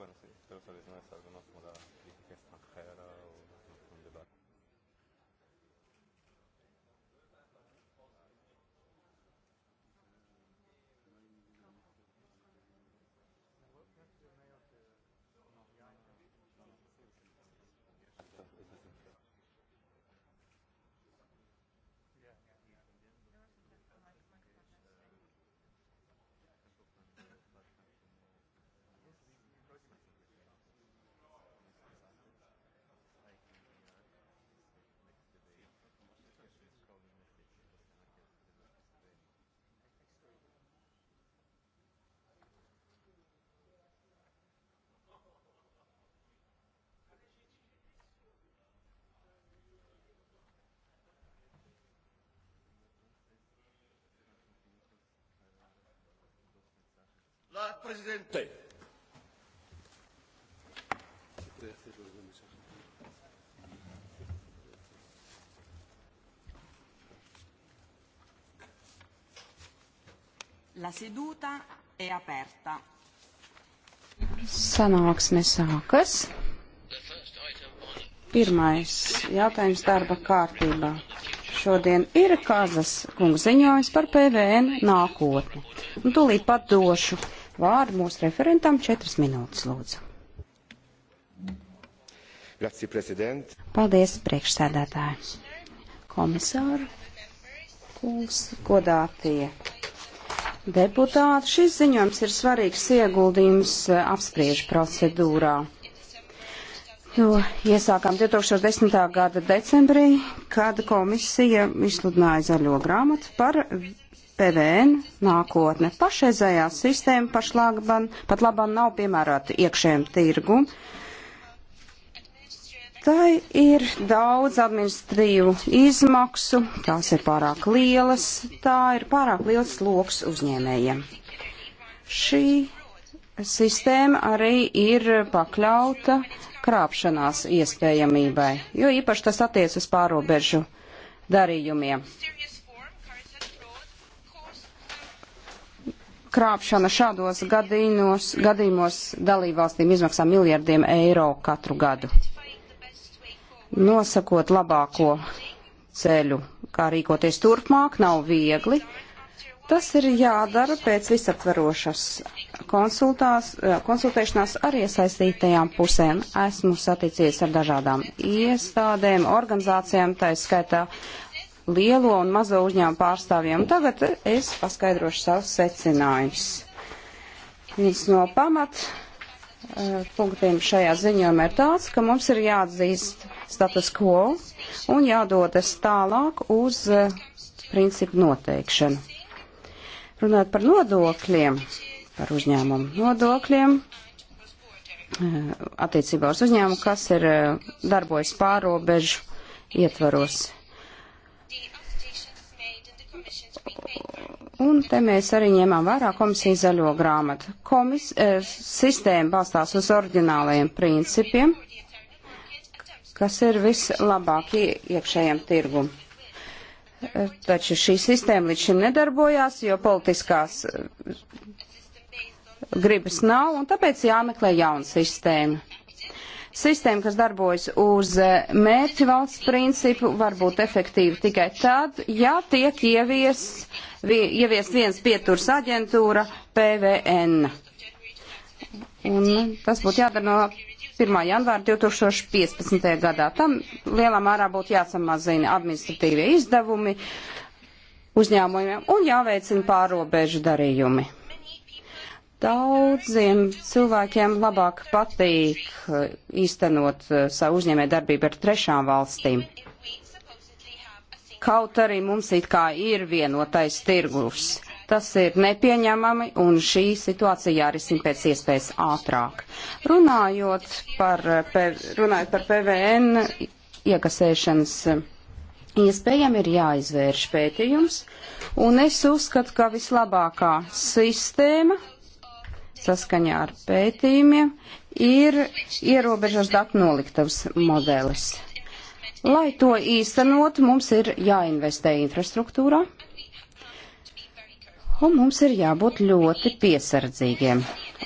bueno, sí, pero eso no es algo no como la política extranjera o La Presidente. La seduta è aperta. Sanāksme sākas. Pirmais jautājums darba kārtībā. Šodien ir Kazas kungs ziņojums par PVN nākotni. Un nu, tūlīt pat došu vārdu mūsu referentam četras minūtes, lūdzu. Grazie, prezident. Paldies, priekšsēdētāji. Komisāru, kungs, godātie deputāti, šis ziņojums ir svarīgs ieguldījums eh, apspriežu procedūrā. Jo iesākām 2010. gada decembrī, kad komisija izsludināja zaļo grāmatu par PVN nākotne. Pašreizējā sistēma pašlaban, pat labam nav piemērota iekšējiem tirgu. Tai ir daudz administrīvu izmaksu, tās ir pārāk lielas, tā ir pārāk liels sloks uzņēmējiem. Šī sistēma arī ir pakļauta krāpšanās iespējamībai, jo īpaši tas attiec uz pārobežu darījumiem. krāpšana šādos gadījumos, gadījumos dalībvalstīm izmaksā miljardiem eiro katru gadu. Nosakot labāko ceļu, kā rīkoties turpmāk, nav viegli. Tas ir jādara pēc visaptverošas eh, konsultēšanās ar iesaistītajām pusēm. Esmu saticies ar dažādām iestādēm, organizācijām, tā skaitā lielo un mazo uzņēmumu pārstāvjiem. Tagad es paskaidrošu savus secinājumus. Viens no pamat eh, punktiem šajā ziņojumā ir tāds, ka mums ir jāatzīst status quo un jādodas tālāk uz eh, principu noteikšanu. Runāt par nodokļiem, par uzņēmumu nodokļiem, eh, attiecībā uz uzņēmumu, kas ir darbojas pārobežu ietvaros. Un te mēs arī ņēmām vērā komisijas zaļo grāmatu. Komis, eh, sistēma balstās uz oriģinālajiem principiem, kas ir vislabākie iekšējiem tirgum. E, taču šī sistēma līdz šim nedarbojās, jo politiskās e, gribas nav, un tāpēc jāmeklē jauna sistēma. Sistēma, kas darbojas uz e, mērķi valsts principu, var būt efektīva tikai tad, ja tiek ieviests ieviest viens pieturs aģentūra PVN. Un tas būtu jādara no 1. janvāra 2015. gadā. Tam lielā mērā būtu jāsamazina administratīvie izdevumi uzņēmumiem un jāveicina pārobežu darījumi. Daudziem cilvēkiem labāk patīk uh, īstenot uh, savu uzņēmē darbību ar trešām valstīm kaut arī mums it kā ir vienotais tirgus. Tas ir nepieņemami un šī situācija jārisina pēc iespējas ātrāk. Runājot par, eh, runājot par PVN iekasēšanas eh, iespējām, ir jāizvērš pētījums, un es uzskatu, ka vislabākā sistēma saskaņā ar pētījumiem ir ierobežos datu noliktavas modelis. Lai to īstenot, mums ir jāinvestē infrastruktūrā, un mums ir jābūt ļoti piesardzīgiem,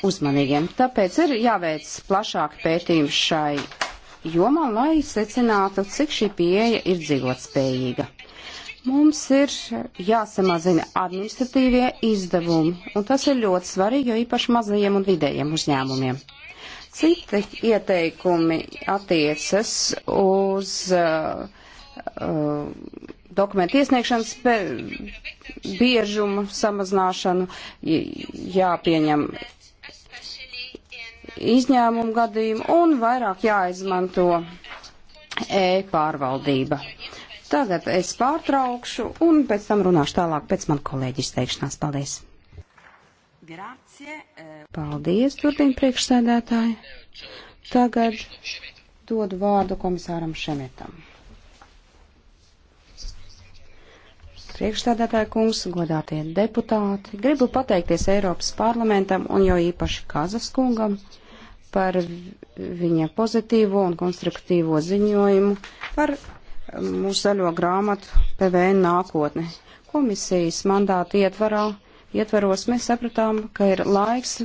uzmanīgiem. Tāpēc ir jāveic plašāk pētījums šai jomā, lai secinātu, cik šī pieeja ir dzīvotspējīga. Mums ir jāsamazina administratīvie izdevumi, un tas ir ļoti svarīgi, jo īpaši mazajiem un vidējiem uzņēmumiem. Citi ieteikumi attiecas uz uh, uh, dokumentu iesniegšanas biežumu samazināšanu, jāpieņem izņēmumu gadījumu un vairāk jāizmanto e-pārvaldība. Tagad es pārtraukšu un pēc tam runāšu tālāk pēc man kolēģis teikšanās. Paldies! Grāk. Paldies, turpina priekšsēdētāji. Tagad dodu vārdu komisāram Šemetam. Priekšstādātāja kungs, godātie deputāti, gribu pateikties Eiropas parlamentam un jo īpaši Kazas kungam par viņa pozitīvo un konstruktīvo ziņojumu par um, mūsu zaļo grāmatu PVN nākotni. Komisijas mandāta ietvarā ietvaros mēs sapratām, ka ir laiks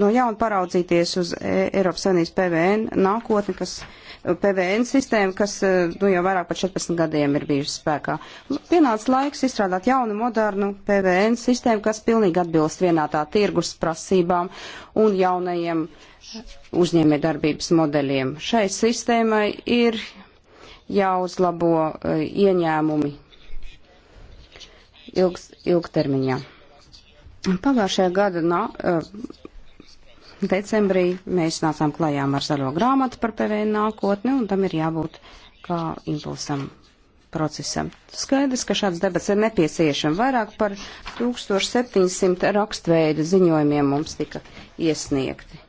no jauna paraudzīties uz e- Eiropas Savienības PVN nākotni, kas PVN sistēma, kas e, nu, jau vairāk par 14 gadiem ir bijusi spēkā. Pienāca laiks izstrādāt jaunu, modernu PVN sistēmu, kas pilnīgi atbilst vienā tā tirgus prasībām un jaunajiem uzņēmē darbības modeļiem. Šai sistēmai ir jāuzlabo e, ieņēmumi ilgs, ilgtermiņā. Pagājušajā gada nā, eh, decembrī mēs nācām klajām ar zaļo grāmatu par PVN nākotni, un tam ir jābūt kā impulsam procesam. Skaidrs, ka šāds debats ir nepieciešams. Vairāk par 1700 rakstveida ziņojumiem mums tika iesniegti.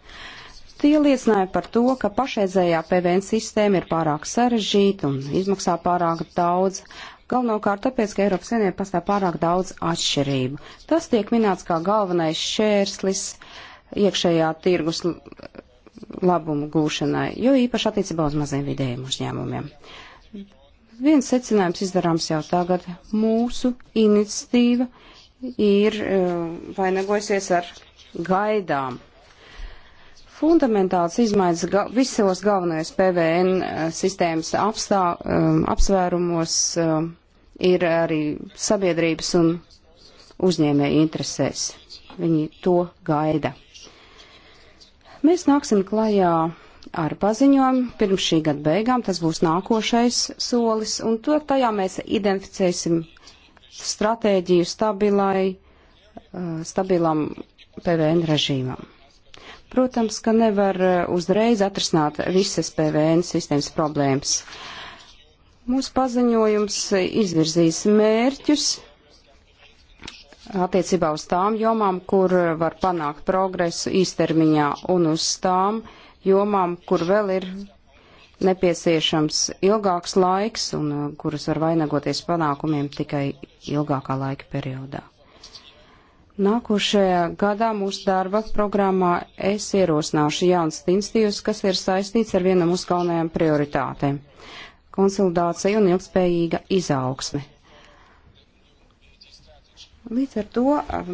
Tie liecināja par to, ka pašreizējā PVN sistēma ir pārāk sarežģīta un izmaksā pārāk daudz. Galvenokārt tāpēc, ka Eiropas Savienībā pastāv pārāk daudz atšķirību. Tas tiek minēts kā galvenais šērslis iekšējā tirgus labumu gūšanai, jo īpaši attiecībā uz maziem vidējiem uzņēmumiem. Viens secinājums izdarāms jau tagad. Mūsu iniciatīva ir e, vainagojasies ar gaidām. Fundamentāls izmaiņas ga visos galvenajos PVN e, sistēmas apstā, e, apsvērumos. Um, ir arī sabiedrības un uzņēmēja interesēs. Viņi to gaida. Mēs nāksim klajā ar paziņojumu pirms šī gada beigām. Tas būs nākošais solis, un to tajā mēs identificēsim stratēģiju stabilai, uh, stabilam PVN režīmam. Protams, ka nevar uh, uzreiz atrisināt visas PVN sistēmas problēmas. Uh, Mūsu paziņojums izvirzīs mērķus attiecībā uz tām jomām, kur var panākt progresu īstermiņā un uz tām jomām, kur vēl ir nepieciešams ilgāks laiks un uh, kuras var vainagoties panākumiem tikai ilgākā laika periodā. Nākošajā gadā mūsu darba programmā es ierosināšu jaunas institīvas, kas ir saistīts ar vienam uz galvenajām prioritātēm konsolidācija un ilgspējīga izaugsme. Līdz ar to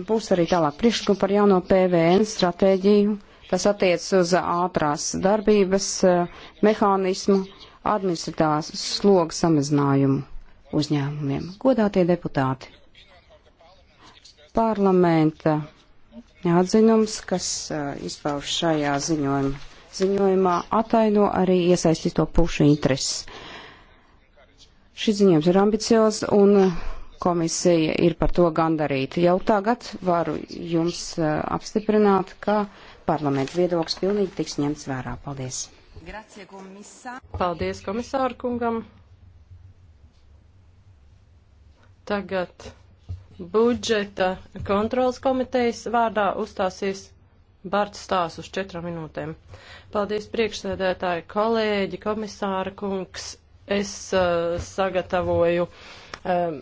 būs arī tālāk priekšlikumi par jauno PVN stratēģiju. Tas attiec uz ātrās darbības mehānismu, administratīvās sloga samazinājumu uzņēmumiem. Godātie deputāti! Parlamenta atzinums, kas izpauž šajā ziņojumā, ziņojumā ataino arī iesaistīto pušu intereses Šis ziņojums ir ambiciozs un komisija ir par to gandarīta. Jau tagad varu jums eh, apstiprināt, ka parlamenta viedoklis pilnīgi tiks ņemts vērā. Paldies! Grazie, komisār. Paldies komisāru kungam! Tagad budžeta kontrolas komitejas vārdā uzstāsies Bārts Stās uz četrām minūtēm. Paldies priekšsēdētāji, kolēģi, komisāra kungs es uh, sagatavoju um,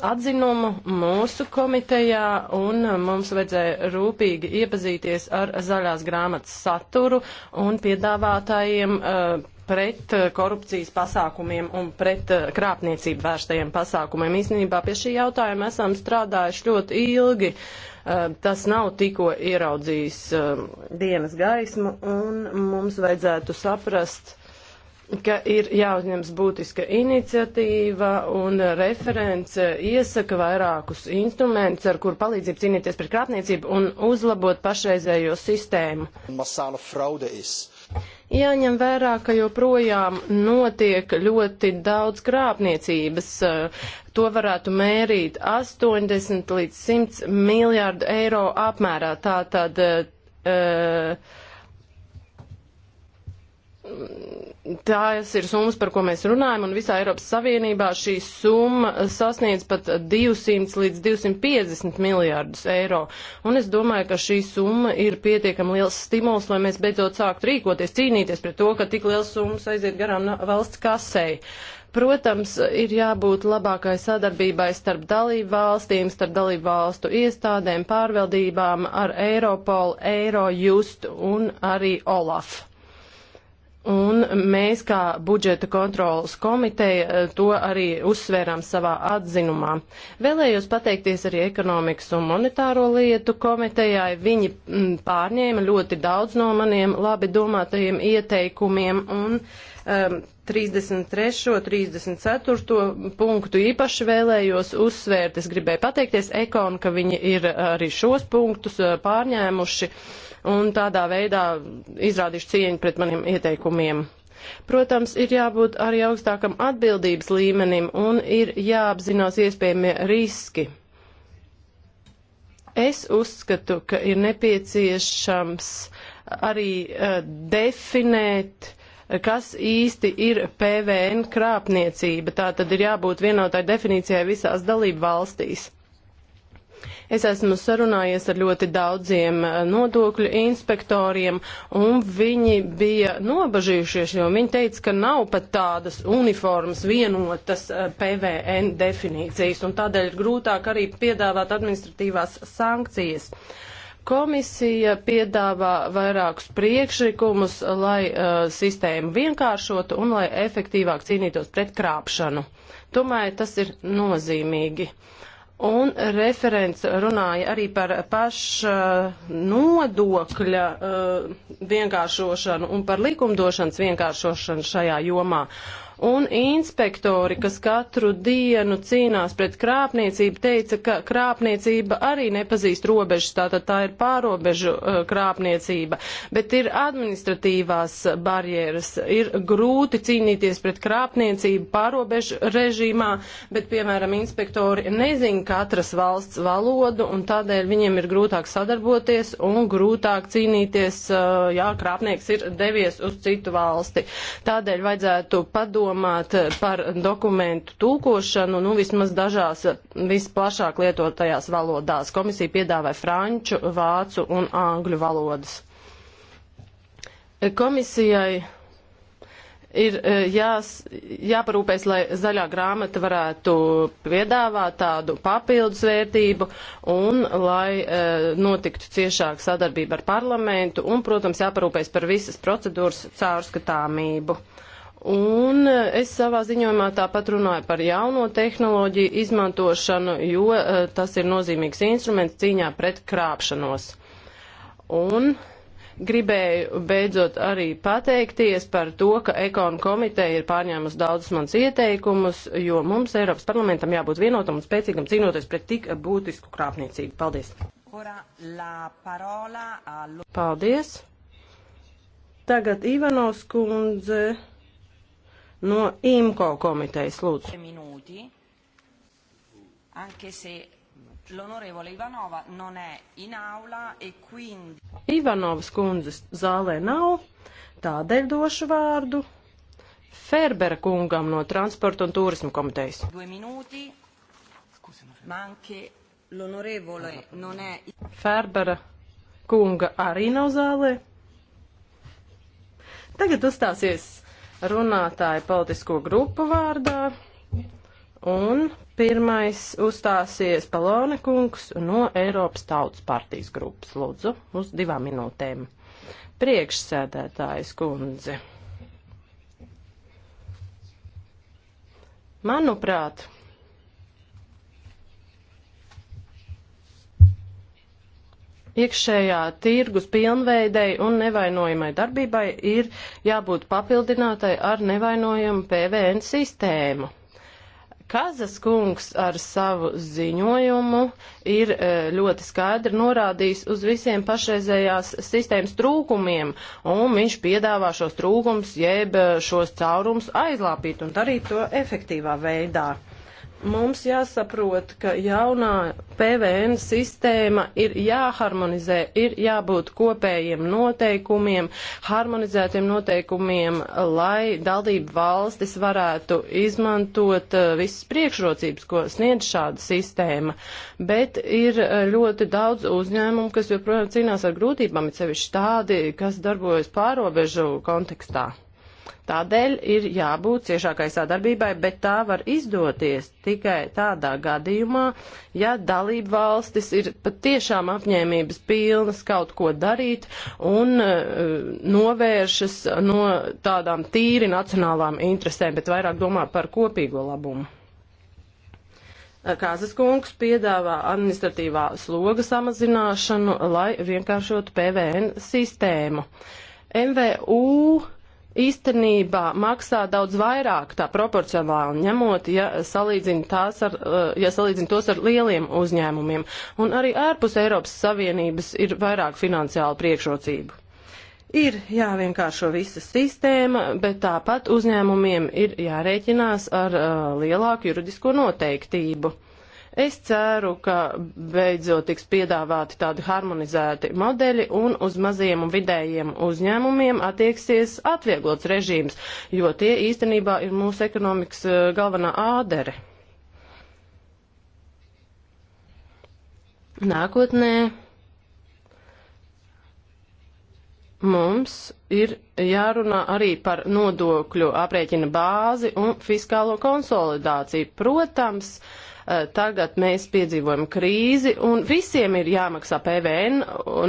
atzinumu mūsu komitejā un uh, mums vajadzēja rūpīgi iepazīties ar zaļās grāmatas saturu un piedāvātājiem uh, pret uh, korupcijas pasākumiem un pret uh, krāpniecību vērstajiem pasākumiem. Īstenībā pie šī jautājuma esam strādājuši ļoti ilgi. Tas nav tikko ieraudzījis um, dienas gaismu un mums vajadzētu saprast, ka ir jāuzņems būtiska iniciatīva un referents iesaka vairākus instrumentus, ar kur palīdzību cīnīties pret krāpniecību un uzlabot pašreizējo sistēmu. Masāla fraude ir. Jāņem vērā, ka joprojām notiek ļoti daudz krāpniecības. To varētu mērīt 80 līdz 100 miljārdu eiro apmērā. Tātad, uh, tās ir summas, par ko mēs runājam, un visā Eiropas Savienībā šī summa sasniedz pat 200 līdz 250 miljārdus eiro. Un es domāju, ka šī summa ir pietiekami liels stimuls, lai mēs beidzot sāktu rīkoties, cīnīties pret to, ka tik liels summas aiziet garām valsts kasei. Protams, ir jābūt labākai sadarbībai starp dalību valstīm, starp dalību valstu iestādēm, pārvaldībām ar Eiropolu, Eirojust un arī Olaf. Un mēs, kā budžeta kontrolas komiteja, eh, to arī uzsvērām savā atzinumā. Vēlējos pateikties arī ekonomikas un monetāro lietu komitejai. Viņi mm, pārņēma ļoti daudz no maniem labi domātajiem ieteikumiem un um, 33. 34. punktu īpaši vēlējos uzsvērt. Es gribēju pateikties Ekon, ka viņi ir arī šos punktus eh, pārņēmuši. Uh, un tādā veidā izrādīšu cieņu pret maniem ieteikumiem. Protams, ir jābūt arī augstākam atbildības līmenim un ir jāapzinās iespējamie riski. Es uzskatu, ka ir nepieciešams arī uh, definēt, kas īsti ir PVN krāpniecība. Tā tad ir jābūt vienotai definīcijai visās dalību valstīs. Es esmu sarunājies ar ļoti daudziem eh, nodokļu inspektoriem, un viņi bija nobažījušies, jo viņi teica, ka nav pat tādas uniformas vienotas eh, PVN definīcijas, un tādēļ ir grūtāk arī piedāvāt administratīvās sankcijas. Komisija piedāvā vairākus priekšlikumus, lai uh, sistēmu vienkāršotu un lai efektīvāk cīnītos pret krāpšanu. Tomēr tas ir nozīmīgi. Uh, Un referents runāja arī par paša nodokļa uh, vienkāršošanu un par likumdošanas vienkāršošanu šajā jomā. Un inspektori, kas katru dienu cīnās pret krāpniecību, teica, ka krāpniecība arī nepazīst robežas, tātad tā ir pārobežu eh, krāpniecība. Bet ir administratīvās barjeras, ir grūti cīnīties pret krāpniecību pārobežu režīmā, bet, piemēram, inspektori nezina katras valsts valodu, un tādēļ viņiem ir grūtāk sadarboties un grūtāk cīnīties, eh, ja krāpnieks ir devies uz citu valsti. Tādēļ vajadzētu padomāt padomāt par dokumentu tūkošanu, nu vismaz dažās visplašāk lietotajās valodās. Komisija piedāvāja franču, vācu un angļu valodas. Komisijai ir eh, jās, jāparūpēs, lai zaļā grāmata varētu piedāvāt tādu papildus vērtību un lai e, notiktu ciešāka sadarbība ar parlamentu un, protams, jāparūpēs par visas procedūras caurskatāmību. E, Un es savā ziņojumā tāpat runāju par jauno tehnoloģiju izmantošanu, jo eh, tas ir nozīmīgs instruments cīņā pret krāpšanos. Un gribēju beidzot arī pateikties par to, ka Ekonu komiteja ir pārņēmusi daudzus mans ieteikumus, jo mums Eiropas parlamentam jābūt vienotam un spēcīgam cīnoties pret tik būtisku krāpniecību. Paldies! Paldies! Tagad Ivanovs kundze no IMCO komitejas. Lūdzu. Minūti, anche se L'onorevole Ivanova non è in aula e quindi... Ivanovas kundzes zālē nav, tādēļ došu vārdu Ferbera kungam no Transporta un Tūrismu komitejas. Minūti, è... Ferbera kunga arī nav zālē. Tagad uzstāsies runātāju politisko grupu vārdā. Un pirmais uzstāsies Palone kungs no Eiropas tautas partijas grupas. Lūdzu, uz divām minūtēm. Priekšsēdētājs kundze. Manuprāt, iekšējā tirgus pilnveidei un nevainojamai darbībai ir jābūt papildinātai ar nevainojamu PVN sistēmu. Kazas kungs ar savu ziņojumu ir e, ļoti skaidri norādījis uz visiem pašreizējās sistēmas trūkumiem, un viņš piedāvā šos trūkums, jeb e, šos caurums aizlāpīt un darīt to efektīvā veidā. Mums jāsaprot, ka jaunā PVN sistēma ir jāharmonizē, ir jābūt kopējiem noteikumiem, harmonizētiem noteikumiem, lai daldību valstis varētu izmantot eh, visas priekšrocības, ko sniedz šāda sistēma. Bet ir eh, ļoti daudz uzņēmumu, kas joprojām cīnās ar grūtībām, it sevišķi tādi, kas darbojas pārobežu kontekstā. Tādēļ ir jābūt ciešākai sadarbībai, bet tā var izdoties tikai tādā gadījumā, ja dalība valstis ir patiešām apņēmības pilnas kaut ko darīt un uh, novēršas no tādām tīri nacionālām interesēm, bet vairāk domā par kopīgo labumu. E, Kāzas kungs piedāvā administratīvā sloga samazināšanu, lai vienkāršotu PVN sistēmu. MVU īstenībā maksā daudz vairāk tā proporcionāli ņemot, ja salīdzina, tās ar, uh, ja salīdzina tos ar lieliem uzņēmumiem. Un arī ārpus Eiropas Savienības ir vairāk finansiālu priekšrocību. Ir jāvienkāršo visa sistēma, bet tāpat uzņēmumiem ir jārēķinās ar uh, lielāku juridisko noteiktību. Uh, Es ceru, ka beidzot tiks piedāvāti tādi harmonizēti modeļi un uz maziem un vidējiem uzņēmumiem attieksies atvieglots režīms, jo tie īstenībā ir mūsu ekonomikas eh, galvenā ādere. Nākotnē mums ir jārunā arī par nodokļu aprēķina bāzi un fiskālo konsolidāciju. Protams, uh, Eh, tagad mēs piedzīvojam krīzi un visiem ir jāmaksā PVN,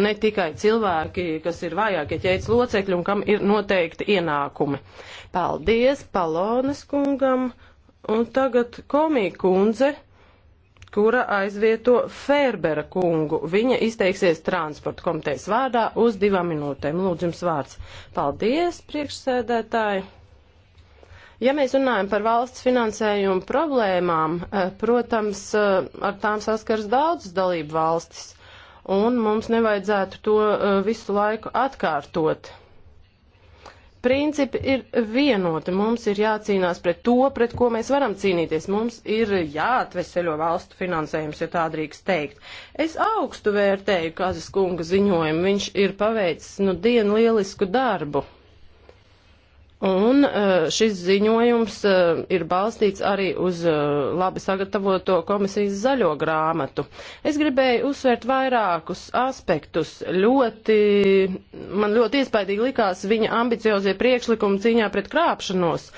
ne tikai cilvēki, kas ir vājākie ķēdes locekļi un kam ir noteikti ienākumi. Paldies Palonas kungam un tagad komī kundze kura aizvieto Fērbera kungu. Viņa izteiksies transporta komitejas vārdā uz divām minūtēm. Lūdzu, jums vārds. Paldies, priekšsēdētāji! Ja mēs runājam par valsts finansējumu problēmām, eh, protams, eh, ar tām saskars daudzas dalību valstis, un mums nevajadzētu to eh, visu laiku atkārtot. Principi ir vienoti, mums ir jācīnās pret to, pret ko mēs varam cīnīties. Mums ir jāatveseļo valstu finansējums, ja tā drīkst teikt. Es augstu vērtēju Kazas kunga ziņojumu, viņš ir paveicis nu dienu lielisku darbu. Un uh, šis ziņojums uh, ir balstīts arī uz uh, labi sagatavoto komisijas zaļo grāmatu. Es gribēju uzsvērt vairākus aspektus. Ļoti, man ļoti iespaidīgi likās viņa ambiciozie priekšlikumi cīņā pret krāpšanos,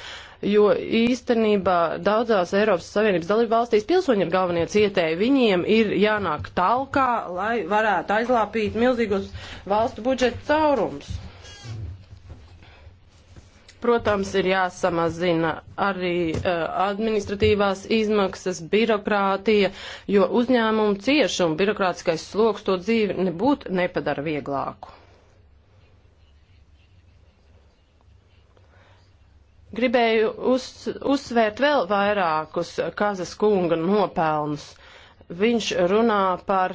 jo īstenībā daudzās Eiropas Savienības dalību valstīs pilsoņi ir galvenie cietēji. Viņiem ir jānāk talkā, lai varētu aizlāpīt milzīgos valstu budžeta caurums. Protams, ir jāsamazina arī uh, administratīvās izmaksas, birokrātija, jo uzņēmumu cieši un birokrātiskais sloks to dzīvi nebūtu nepadara vieglāku. Gribēju uz, uzsvērt vēl vairākus Kazas kunga nopelnus. Viņš runā par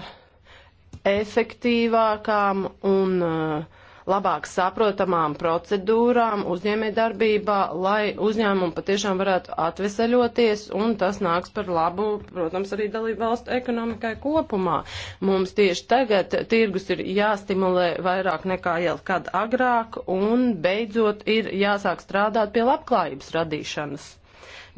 efektīvākām un uh, labāk saprotamām procedūrām uzņēmējdarbībā, lai uzņēmumi patiešām varētu atveseļoties, un tas nāks par labu, protams, arī dalību valstu ekonomikai kopumā. Mums tieši tagad tirgus ir jāstimulē vairāk nekā jau kad agrāk, un beidzot ir jāsāk strādāt pie labklājības radīšanas.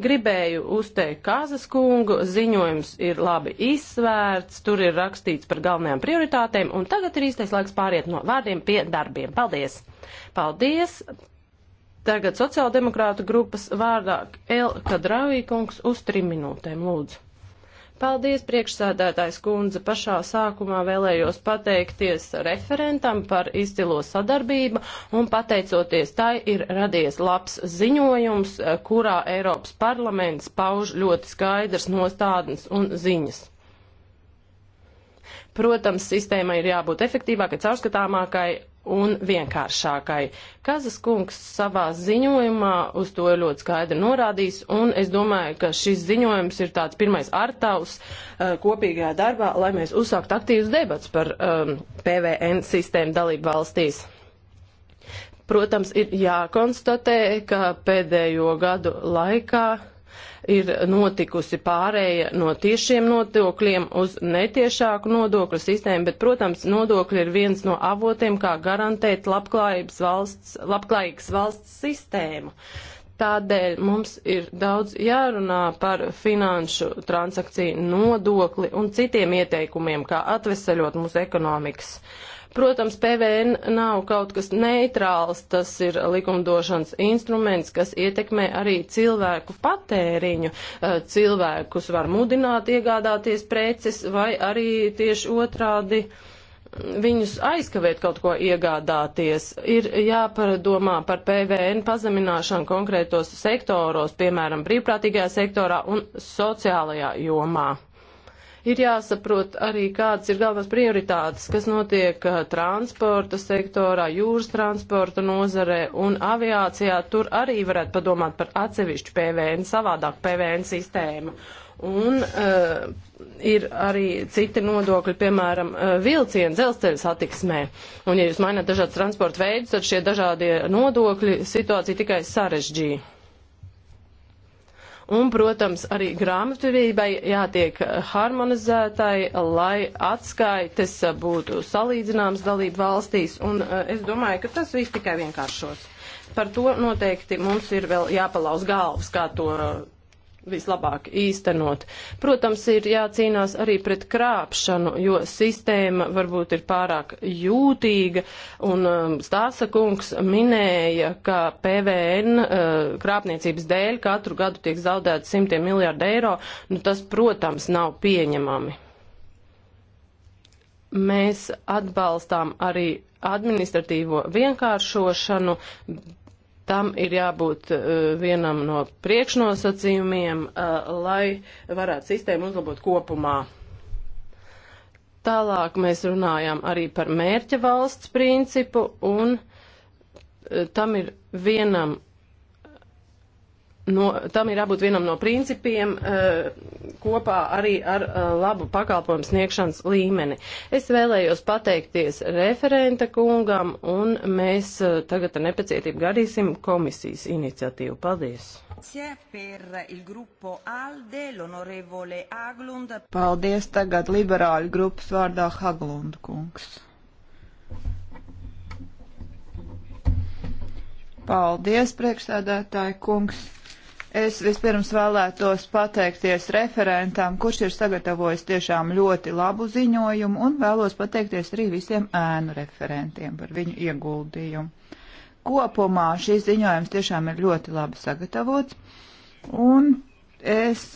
Gribēju uzteikt Kazas kungu, ziņojums ir labi izsvērts, tur ir rakstīts par galvenajām prioritātēm, un tagad ir īstais laiks pāriet no vārdiem pie darbiem. Paldies! Paldies! Tagad sociāldemokrātu grupas vārdā El Kadravī kungs uz trim minūtēm lūdzu. Paldies, priekšsēdētājs kundze. Pašā sākumā vēlējos pateikties referentam par izcilo sadarbību un pateicoties tai ir radies labs ziņojums, kurā Eiropas parlaments pauž ļoti skaidrs nostādnes un ziņas. Protams, sistēmai ir jābūt efektīvākai, caurskatāmākai un vienkāršākai. Kazas kungs savā ziņojumā uz to ļoti skaidri norādījis, un es domāju, ka šis ziņojums ir tāds pirmais artaus uh, kopīgajā darbā, lai mēs uzsākt aktīvas debats par um, PVN sistēmu dalību valstīs. Protams, ir jākonstatē, ka pēdējo gadu laikā ir notikusi pārēja no tiešiem nodokļiem uz netiešāku nodokļu sistēmu, bet, protams, nodokļi ir viens no avotiem, kā garantēt labklājības valsts, labklājīgas valsts sistēmu. Tādēļ mums ir daudz jārunā par finanšu transakciju nodokli un citiem ieteikumiem, kā atveseļot mūsu ekonomikas. Uh, Protams, PVN nav kaut kas neitrāls, tas ir likumdošanas instruments, kas ietekmē arī cilvēku patēriņu. Eh, cilvēkus var mudināt iegādāties preces vai arī tieši otrādi mm, viņus aizkavēt kaut ko iegādāties. Ir jāpadomā par PVN pazemināšanu konkrētos sektoros, piemēram, brīvprātīgajā sektorā un sociālajā jomā. Ir jāsaprot arī, kādas ir galvenās prioritātes, kas notiek uh, transporta sektorā, jūras transporta nozarē un aviācijā. Tur arī varētu padomāt par atsevišķu PVN, savādāk PVN sistēmu. Un uh, ir arī citi nodokļi, piemēram, uh, vilcienu dzelzceļa satiksmē. Un, ja jūs maināt dažādas transporta veidus, tad šie dažādie nodokļi situāciju tikai sarežģīja. Un, protams, arī grāmatvedībai jātiek harmonizētai, lai atskaites būtu salīdzināmas dalību valstīs. Un eh, es domāju, ka tas viss tikai vienkāršos par to noteikti mums ir vēl jāpalauz galvas, kā to vislabāk īstenot. Protams, ir jācīnās arī pret krāpšanu, jo sistēma varbūt ir pārāk jūtīga, un um, Stāsa kungs minēja, ka PVN uh, krāpniecības dēļ katru gadu tiek zaudēta simtiem miljārdu eiro, nu tas, protams, nav pieņemami. Mēs atbalstām arī administratīvo vienkāršošanu, tam ir jābūt eh, vienam no priekšnosacījumiem, eh, lai varētu sistēmu uzlabot kopumā. Tālāk mēs runājām arī par mērķa valsts principu, un eh, tam ir vienam No, tam ir jābūt vienam no principiem eh, kopā arī ar eh, labu pakalpojumu sniegšanas līmeni. Es vēlējos pateikties referenta kungam un mēs eh, tagad ar nepacietību gadīsim komisijas iniciatīvu. Paldies! Paldies tagad liberāļu grupas vārdā Haglund kungs. Paldies, priekšsēdētāji kungs! Es vispirms vēlētos pateikties referentam, kurš ir sagatavojis tiešām ļoti labu ziņojumu, un vēlos pateikties arī visiem ēnu referentiem par viņu ieguldījumu. Kopumā šis ziņojums tiešām ir ļoti labi sagatavots, un es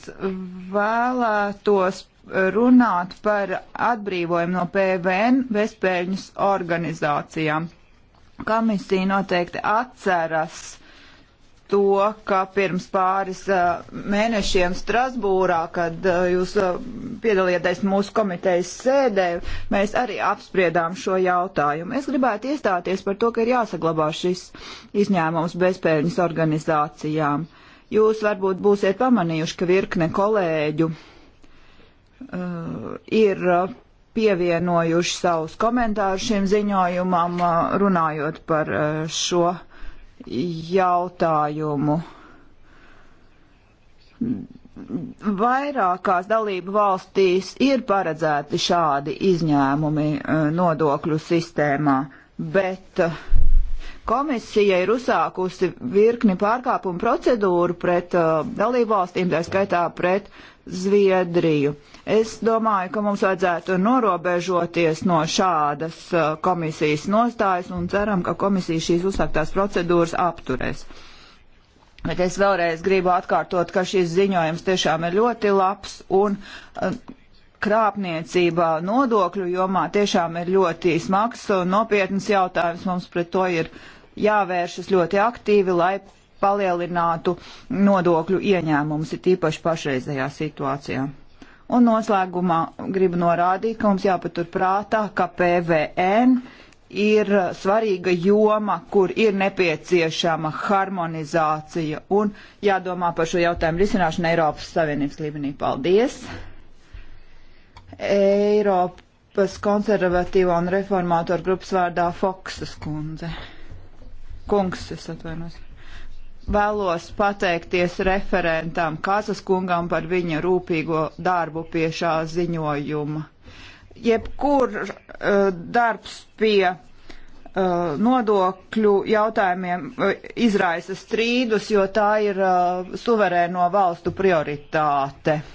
vēlētos runāt par atbrīvojumu no PVN bezpēļņas organizācijām. Komisija noteikti atceras to, ka pirms pāris uh, mēnešiem Strasbūrā, kad uh, jūs uh, piedalījāties mūsu komitejas sēdē, mēs arī apspriedām šo jautājumu. Es gribētu iestāties par to, ka ir jāsaglabā šis izņēmums bezpēļņas organizācijām. Jūs varbūt būsiet pamanījuši, ka virkne kolēģu uh, ir. Uh, pievienojuši savus komentārus šiem ziņojumam, uh, runājot par uh, šo jautājumu. Vairākās dalību valstīs ir paredzēti šādi izņēmumi eh, nodokļu sistēmā, bet eh, komisija ir uzsākusi virkni pārkāpumu procedūru pret eh, dalību valstīm, tā skaitā pret Zviedriju. Es domāju, ka mums vajadzētu norobežoties no šādas uh, komisijas nostājas un ceram, ka komisija šīs uzsāktās procedūras apturēs. Bet es vēlreiz gribu atkārtot, ka šis ziņojums tiešām ir ļoti labs un uh, krāpniecībā nodokļu jomā tiešām ir ļoti smags un nopietns jautājums. Mums pret to ir jāvēršas ļoti aktīvi, lai palielinātu nodokļu ieņēmumus, ir tīpaši pašreizējā situācijā. Un noslēgumā gribu norādīt, ka mums jāpatur prātā, ka PVN ir svarīga joma, kur ir nepieciešama harmonizācija un jādomā par šo jautājumu risināšanu Eiropas Savienības līmenī. Paldies! Eiropas konservatīvo un reformātoru grupas vārdā Foksas kundze. Kungs, es atvainos vēlos pateikties referentam Kazas kungam par viņa rūpīgo darbu pie šā ziņojuma. Jebkur uh, darbs pie uh, nodokļu jautājumiem uh, izraisa strīdus, jo tā ir uh, suverēno valstu prioritāte. Uh,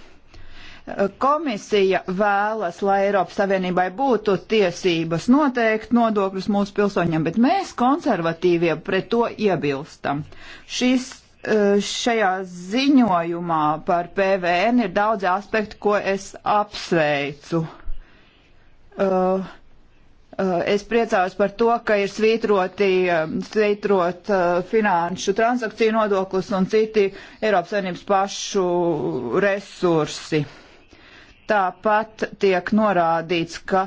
Komisija vēlas, lai Eiropas Savienībai būtu tiesības noteikt nodokļus mūsu pilsoņiem, bet mēs, konservatīvie, pret to iebilstam. Šis, e, šajā ziņojumā par PVN ir daudz aspektu, ko es apsveicu. Uh, Es priecājos par to, ka ir svītroti, svītrot finanšu transakciju nodoklis un citi Eiropas Savienības pašu resursi. Tāpat tiek norādīts, ka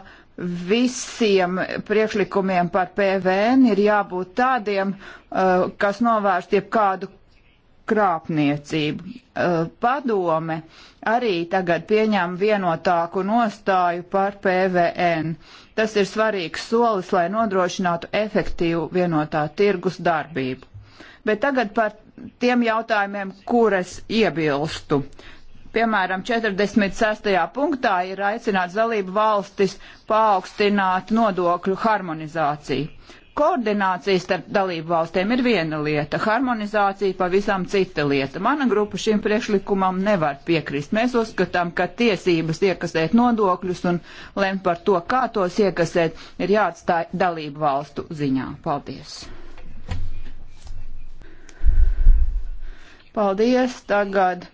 visiem priekšlikumiem par PVN ir jābūt tādiem, uh, kas novērst jebkādu krāpniecību. Uh, padome arī tagad pieņem vienotāku nostāju par PVN. Tas ir svarīgs solis, lai nodrošinātu efektīvu vienotā tirgus darbību. Bet tagad par tiem jautājumiem, kuras iebilstu. Uh, piemēram, 46. punktā ir aicināts dalību valstis paaugstināt nodokļu harmonizāciju. Koordinācija starp dalību valstiem ir viena lieta, harmonizācija pavisam cita lieta. Mana grupa šim priekšlikumam nevar piekrist. Mēs uzskatām, ka tiesības iekasēt nodokļus un lemt par to, kā tos iekasēt, ir jāatstāj dalību valstu ziņā. Paldies! Paldies! Tagad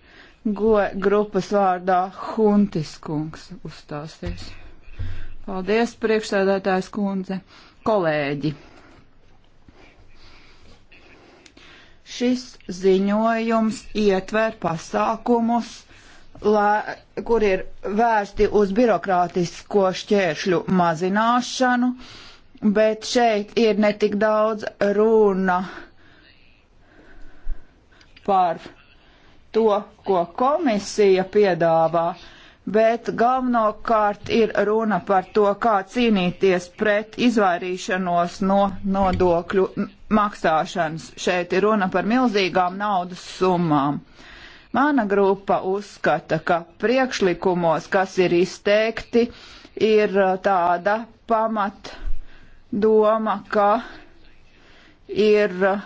Goe grupas vārdā Huntis kungs uzstāsies. Paldies, priekšsēdētājs kundze, kolēģi. Šis ziņojums ietver pasākumus, lai, kur ir vērsti uz birokrātisko šķēršļu mazināšanu, bet šeit ir netik daudz runa par to, ko komisija piedāvā, bet galvenokārt ir runa par to, kā cīnīties pret izvairīšanos no nodokļu maksāšanas. Šeit ir runa par milzīgām naudas summām. Mana grupa uzskata, ka priekšlikumos, kas ir izteikti, ir uh, tāda pamat doma, ka ir uh,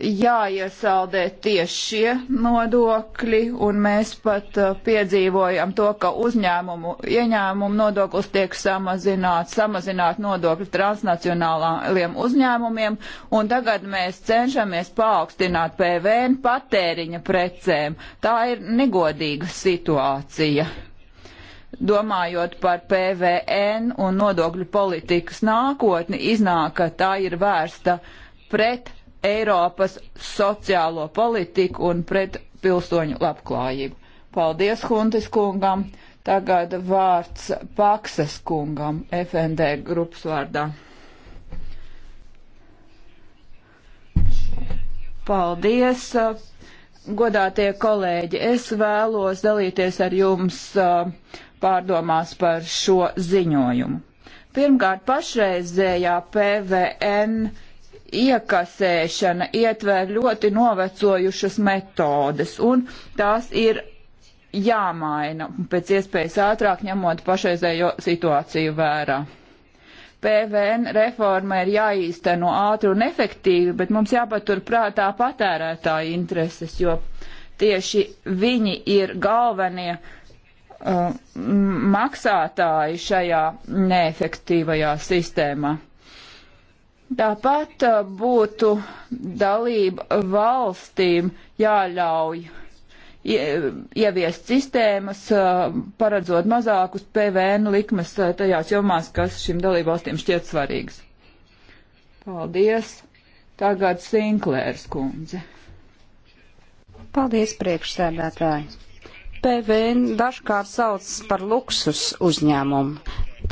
jāiesaldē tieši šie nodokļi, un mēs pat uh, piedzīvojam to, ka uzņēmumu ieņēmumu nodoklis tiek samazināts, samazināt nodokļi transnacionāliem uzņēmumiem, un tagad mēs cenšamies paaugstināt PVN patēriņa precēm. Tā ir negodīga situācija domājot par PVN un nodokļu politikas nākotni, iznāk, ka tā ir vērsta pret Eiropas sociālo politiku un pret pilsoņu labklājību. Paldies Huntis kungam. Tagad vārds Paksas kungam FND grupas vārdā. Paldies, godātie kolēģi. Es vēlos dalīties ar jums pārdomās par šo ziņojumu. Pirmkārt, pašreizējā PVN iekasēšana ietver ļoti novecojušas metodes, un tās ir jāmaina pēc iespējas ātrāk, ņemot pašreizējo situāciju vērā. PVN reforma ir jāīsteno ātri un efektīvi, bet mums jāpatur prātā patērētāja intereses, jo tieši viņi ir galvenie uh, maksātāji šajā neefektīvajā sistēmā. Tāpat uh, būtu dalība valstīm jāļauj ieviest sistēmas, uh, paredzot mazākus PVN likmes uh, tajās jomās, kas šim dalību valstīm šķiet svarīgas. Paldies! Tagad Sinklērs kundze. Paldies, priekšsēdētāji! PVN dažkārt sauc par luksus uzņēmumu.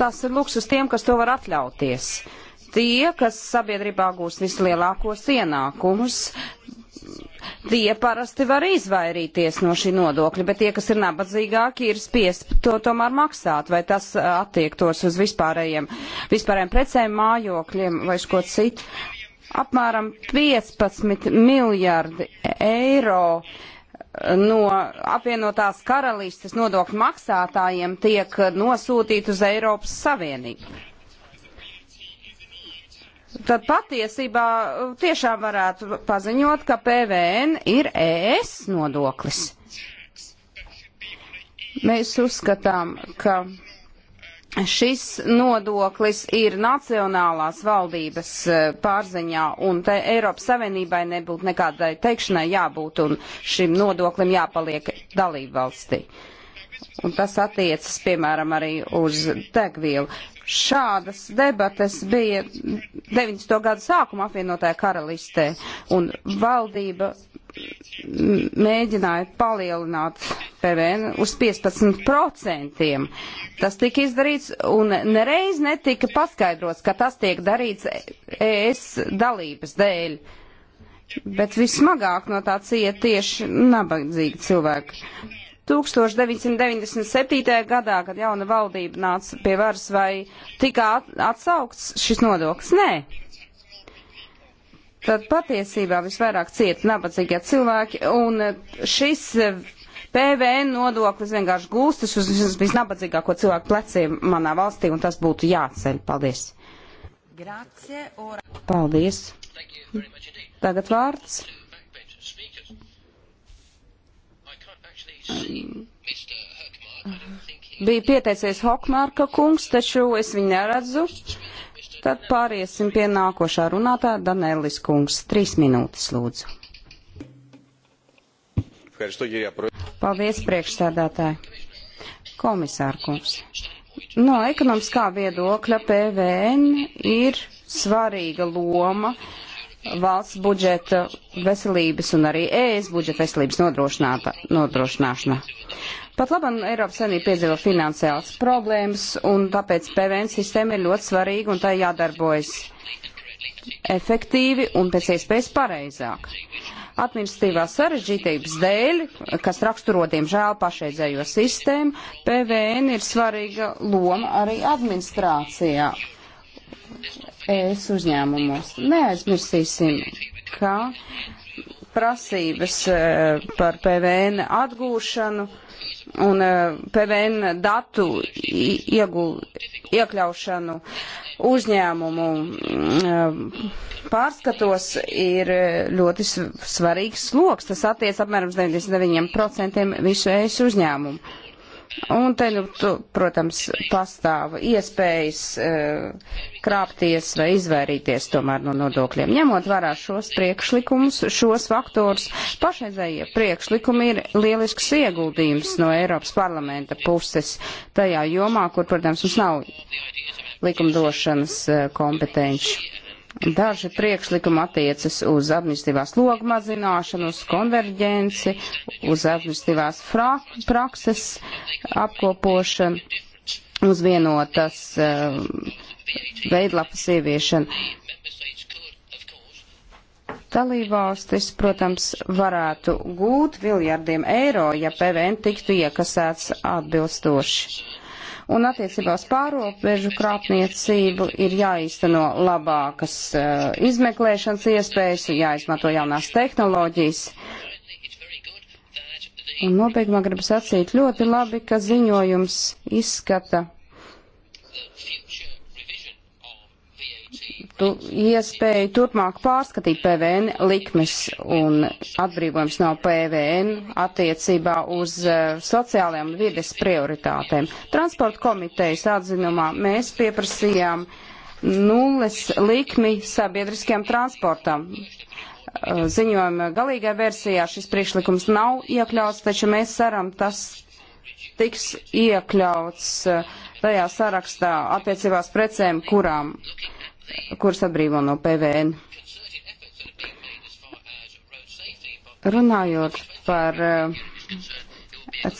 Tas ir luksus tiem, kas to var atļauties. Uh, tie, kas sabiedrībā gūs vislielākos ienākumus, tie parasti var izvairīties no šī nodokļa, bet tie, kas ir nabadzīgāki, ir spiest to tomēr maksāt, vai tas uh, attiektos uz vispārējiem, vispārējiem precēm, mājokļiem vai ko citu. Apmēram 15 miljardi eiro uh, no apvienotās karalistes nodokļu maksātājiem tiek uh, nosūtīti uz Eiropas Savienību tad patiesībā uh, tiešām varētu paziņot, ka PVN ir ES nodoklis. Mēs uzskatām, ka šis nodoklis ir nacionālās valdības uh, pārziņā, un te Eiropas Savienībai nebūtu nekādai teikšanai jābūt, un šim nodoklim jāpaliek dalību valstī. Uh, Un tas attiecas, piemēram, arī uz degvielu. Šādas debates bija 90. gada sākuma apvienotāja karalistē, un valdība mēģināja palielināt PVN uz 15%. Tas tika izdarīts, un nereiz netika paskaidrots, ka tas tiek darīts ES dalības dēļ. Bet vismagāk no tā cieta tieši nabadzīgi cilvēki. 1997. gadā, kad jauna valdība nāca pie varas, vai tika atsaukts šis nodoklis? Nē. Tad patiesībā visvairāk cieta nabadzīgie cilvēki, un šis eh, PVN nodoklis vienkārši gūstas uz visnabadzīgāko cilvēku pleciem manā valstī, un tas būtu jāceļ. Paldies! Paldies! Tagad vārds. bija pieteicies Hokmārka kungs, taču es viņu neredzu. Tad pāriesim pie nākošā runātāja Danēlis kungs. Trīs minūtes lūdzu. Paldies, priekšsēdētāji. Komisāra kungs. No ekonomiskā viedokļa PVN ir svarīga loma uh, valsts budžeta veselības un arī ES budžeta veselības nodrošināšana. Pat labam Eiropas Savienība piedzīvo finansiāls problēmas, un tāpēc PVN sistēma ir ļoti svarīga un tā jādarbojas efektīvi un pēc iespējas pareizāk. Administratīvās sarežģītības dēļ, kas raksturo, diemžēl, pašreizējo sistēmu, PVN ir svarīga loma arī administrācijā ES uzņēmumos. Neaizmirsīsim, ka prasības eh, par PVN atgūšanu un eh, PVN datu iegul, iekļaušanu uzņēmumu eh, pārskatos ir ļoti svarīgs sloks. Tas attiec apmēram 99% visu ES uzņēmumu. Un te, nu, tu, protams, pastāv iespējas uh, krāpties vai izvairīties tomēr no nodokļiem. Ņemot vērā šos priekšlikumus, šos faktorus, pašreizējie priekšlikumi ir lielisks ieguldījums no Eiropas parlamenta puses tajā jomā, kur, protams, mums nav likumdošanas e, kompetenci. Daži priekšlikumi attiecas uz administratīvās logu mazināšanu, uz konverģenci, uz administratīvās prakses apkopošanu, uz vienotas uh, veidlapas ieviešanu. Dalībvalstis, protams, varētu gūt miljardiem eiro, ja PVN tiktu iekasēts atbilstoši un attiecībā uz pārobežu krāpniecību ir jāīsteno labākas uh, izmeklēšanas iespējas, jāizmanto jaunās tehnoloģijas. Un nobeigumā gribu sacīt ļoti labi, ka ziņojums izskata tu, iespēju turpmāk pārskatīt PVN likmes un atbrīvojums no PVN attiecībā uz uh, sociālajām vides prioritātēm. Transporta komitejas atzinumā mēs pieprasījām nulles likmi sabiedriskajam transportam. Uh, ziņojuma galīgajā versijā šis priekšlikums nav iekļauts, taču mēs ceram, tas tiks iekļauts uh, tajā sarakstā attiecībās precēm, kurām uh, kuras atbrīvo no PVN. Runājot par eh,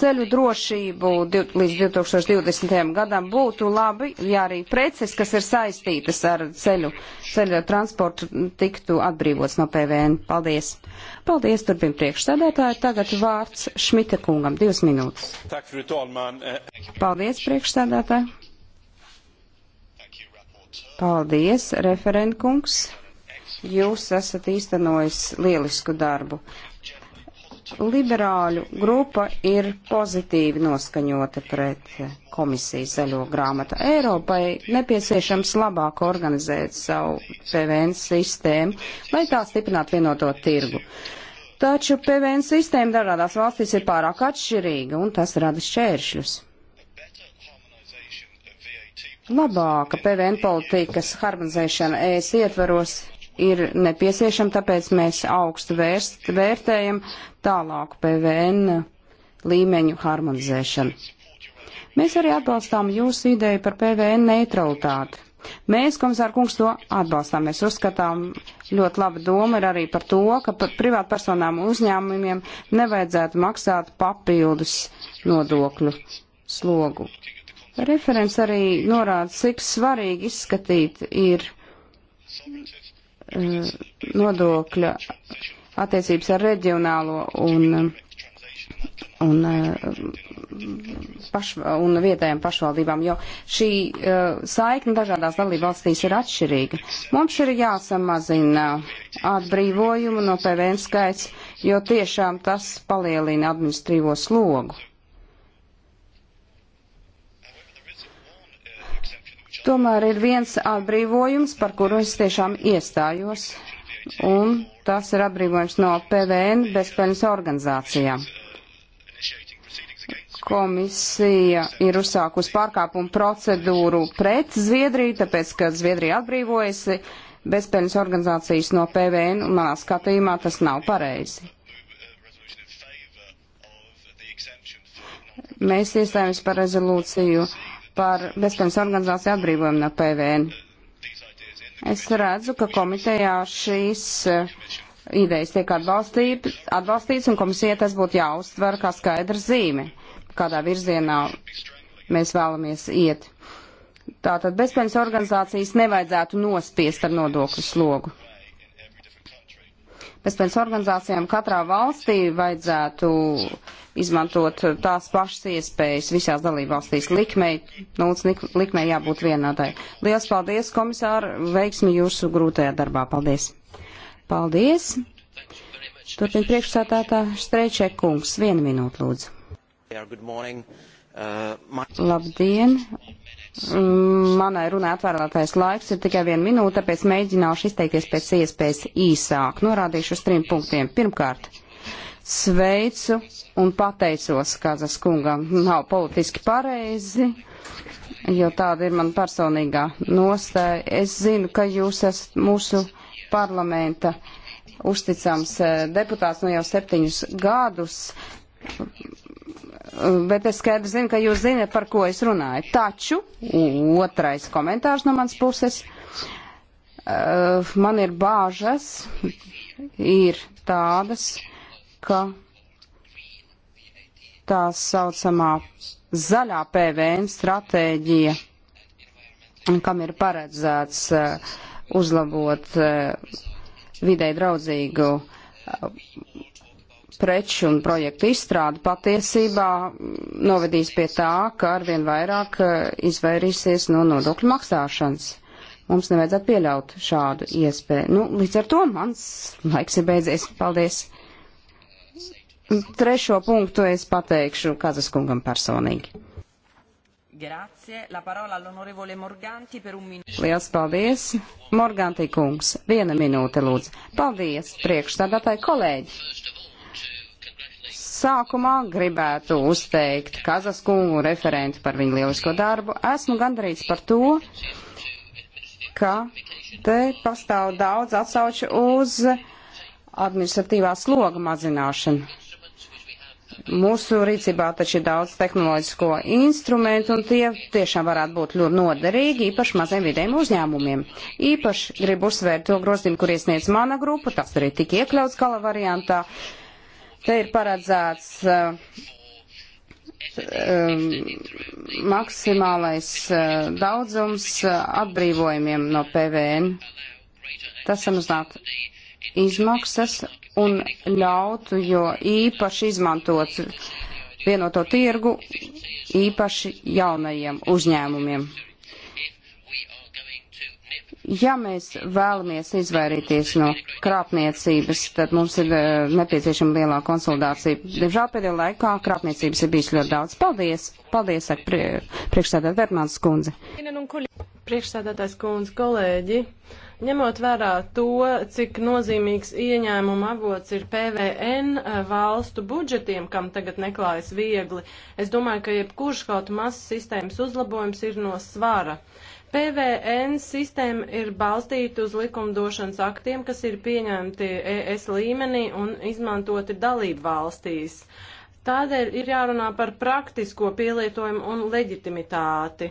ceļu drošību līdz 2020. gadam, būtu labi, ja arī preces, kas ir saistītas ar ceļu, ceļu transportu, tiktu atbrīvots no PVN. Paldies! Paldies, turpin priekšstādātāji. Tagad vārds Šmita kungam. Divas minūtes. Paldies, priekšstādātāji. Paldies, referentkungs. Jūs esat īstenojis lielisku darbu. Liberāļu grupa ir pozitīvi noskaņota pret komisijas zaļo grāmatu. Eiropai nepieciešams labāk organizēt savu PVN sistēmu, lai tā stiprinātu vienoto tirgu. Taču PVN sistēma dažādās valstīs ir pārāk atšķirīga, un tas rada šķēršļus. Labāka PVN politikas harmonizēšana ES ietveros ir nepieciešama, tāpēc mēs augstu vērst, vērtējam tālāku PVN līmeņu harmonizēšanu. Mēs arī atbalstām jūsu ideju par PVN neutralitāti. Mēs, komisāra kungs, to atbalstām. Mēs uzskatām, ļoti laba doma ir arī par to, ka par privātpersonām uzņēmumiem nevajadzētu maksāt papildus nodokļu slogu. Referents arī norāda, cik svarīgi izskatīt ir uh, nodokļa attiecības ar reģionālo un, un, eh, paš, un vietējām pašvaldībām, jo šī uh, saikne dažādās dalībvalstīs ir atšķirīga. Mums ir jāsamazina atbrīvojumu no PVN skaits, jo tiešām tas palielina administrīvo slogu. Tomēr ir viens atbrīvojums, par kuru es tiešām iestājos, un tas ir atbrīvojums no PVN bezpēļņas organizācijām. Komisija ir uzsākusi pārkāpumu procedūru pret Zviedriju, tāpēc, ka Zviedrija atbrīvojasi bezpēļņas organizācijas no PVN, un manā skatījumā tas nav pareizi. Mēs iestājāmies par rezolūciju uh, par bezpējas organizāciju atbrīvojumu no PVN. Es redzu, ka komitejā šīs eh, idejas tiek atbalstīt, atbalstīts, un komisija tas būtu jāuztver kā skaidra zīme, kādā virzienā mēs vēlamies iet. Tātad bezpējas organizācijas nevajadzētu nospiest ar nodokļu slogu bezpējas organizācijām katrā valstī vajadzētu izmantot tās pašas iespējas visās dalībvalstīs. Likmei, nulles likmei jābūt vienādai. Lielas paldies, komisāri, veiksmi jūsu grūtajā darbā. Paldies. Paldies. Turpin priekšsētātā Streičē kungs. Vienu minūtu, lūdzu. Uh, Labdien. Manai runai atvēlētais laiks ir tikai viena minūte, tāpēc mēģināšu izteikties pēc iespējas īsāk. Norādīšu uz trim punktiem. Pirmkārt, sveicu un pateicos Kazas kungam. Nav politiski pareizi, jo tāda ir man personīgā nostāja. Es zinu, ka jūs esat mūsu parlamenta uzticams eh, deputāts nu no jau septiņus gadus bet es skaidri zinu, ka jūs zinat, par ko es runāju. Taču otrais komentārs no manas puses. Eh, man ir bāžas, ir tādas, ka tā saucamā zaļā PVN stratēģija, kam ir paredzēts eh, uzlabot eh, vidē draudzīgu preču un projektu izstrāde patiesībā novedīs pie tā, ka arvien vairāk e, izvairīsies no nodokļu maksāšanas. Mums nevajadzētu pieļaut šādu iespēju. Nu, līdz ar to mans laiks ir beidzies. Paldies! Trešo punktu es pateikšu Kazas kungam personīgi. Grazie. La parola all'onorevole Morganti per un minūte. Lielas paldies. Morganti kungs, viena minūte lūdzu. Paldies, priekšstādātāji kolēģi. Sākumā gribētu uzteikt Kazaskungu referentu par viņu lielisko darbu. Esmu gandarīts par to, ka te pastāv daudz atsauču uz administratīvā sloga mazināšanu. Mūsu rīcībā taču ir daudz tehnoloģisko instrumentu, un tie tiešām varētu būt ļoti noderīgi, īpaši maziem vidējiem uzņēmumiem. Īpaši gribu uzsvērt to grozījumu, kur iesniedz mana grupa, tas arī tik iekļauts kala variantā. Uh, Te ir paredzēts uh, um, maksimālais uh, daudzums uh, atbrīvojumiem no PVN. Tas samazinātu izmaksas un ļautu, jo īpaši izmantot vienoto tirgu īpaši jaunajiem uzņēmumiem. Ja mēs vēlamies izvairīties no krāpniecības, tad mums ir uh, nepieciešama lielāka konsolidācija. Diemžēl pēdējā laikā krāpniecības ir bijis ļoti daudz. Paldies! Paldies, saka prie, priekšstādātājs Vermāns Kundze. Priekšstādātājs Kundze, kolēģi, ņemot vērā to, cik nozīmīgs ieņēmuma avots ir PVN eh, valstu budžetiem, kam tagad neklājas viegli, es domāju, ka jebkurš kaut mazs sistēmas uzlabojums ir no svara. Uh, PVN sistēma ir balstīta uz likumdošanas aktiem, kas ir pieņemti ES līmenī un izmantoti dalību valstīs. Tādēļ ir jārunā par praktisko pielietojumu un leģitimitāti.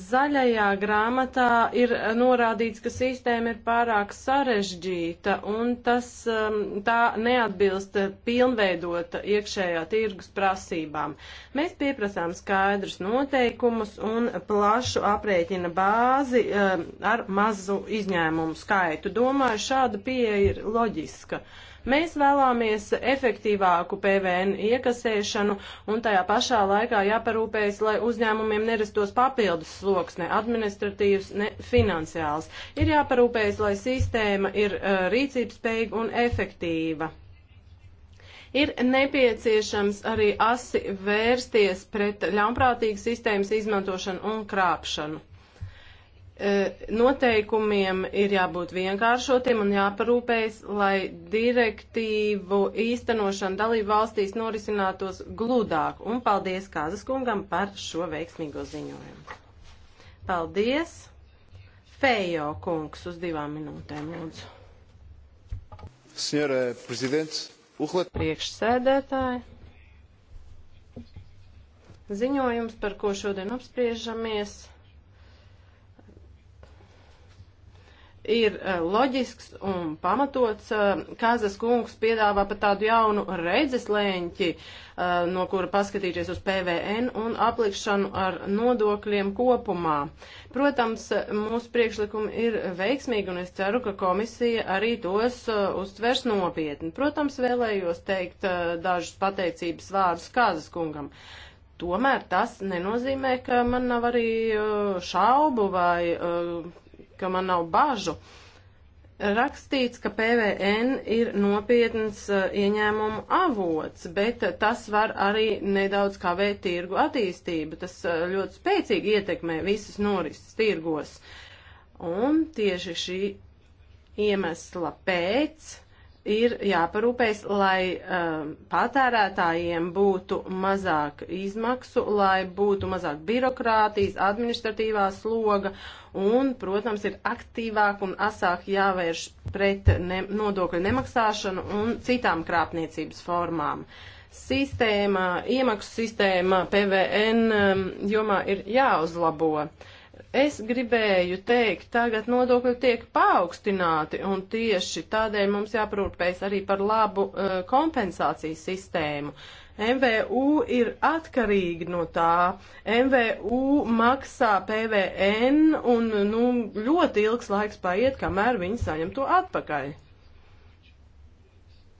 Zaļajā grāmatā ir norādīts, ka sistēma ir pārāk sarežģīta un tas, um, tā neatbilst pilnveidota iekšējā tirgus prasībām. Mēs pieprasām skaidrus noteikumus un plašu aprēķina bāzi um, ar mazu izņēmumu skaitu. Domāju, šāda pieeja ir loģiska. Uh, Mēs vēlamies efektīvāku PVN iekasēšanu un tajā pašā laikā jāparūpējas, lai uzņēmumiem nerastos papildus sloks, ne administratīvs, ne finansiāls. Ir jāparūpējas, lai sistēma ir uh, rīcībspējīga un efektīva ir nepieciešams arī asi vērsties pret ļaunprātīgu sistēmas izmantošanu un krāpšanu. E, noteikumiem ir jābūt vienkāršotiem un jāparūpējas, lai direktīvu īstenošana dalību valstīs norisinātos gludāk. Un paldies Kāzas kungam par šo veiksmīgo ziņojumu. Paldies! Fejo kungs uz divām minūtēm lūdzu. Senjora prezidents, uhlet. Priekšsēdētāji. Ziņojums, par ko šodien apspriežamies ir eh, loģisks un pamatots. Eh, Kazas kungs piedāvā pat tādu jaunu redzeslēņķi, eh, no kura paskatīties uz PVN un aplikšanu ar nodokļiem kopumā. Protams, mūsu priekšlikumi ir veiksmīgi un es ceru, ka komisija arī tos uztvers nopietni. Protams, vēlējos teikt dažus pateicības vārdus Kazas kungam. Tomēr tas nenozīmē, ka man nav arī šaubu vai ka man nav bažu. Rakstīts, ka PVN ir nopietns e, ieņēmumu avots, bet tas var arī nedaudz kavēt tirgu attīstību. Tas e, ļoti spēcīgi ietekmē visas norises tirgos. Un tieši šī iemesla pēc ir jāparūpējas, lai um, patērētājiem būtu mazāk izmaksu, lai būtu mazāk birokrātijas, administratīvā sloga un, protams, ir aktīvāk un asāk jāvērš pret ne, nodokļu nemaksāšanu un citām krāpniecības formām. Sistēma, iemaksu sistēma PVN um, jomā ir jāuzlabo. Uh, Es gribēju teikt, tagad nodokļi tiek paaugstināti, un tieši tādēļ mums jāprūpējas arī par labu uh, kompensācijas sistēmu. MVU ir atkarīgi no tā. MVU maksā PVN, un nu, ļoti ilgs laiks paiet, kamēr viņi saņem to atpakaļ.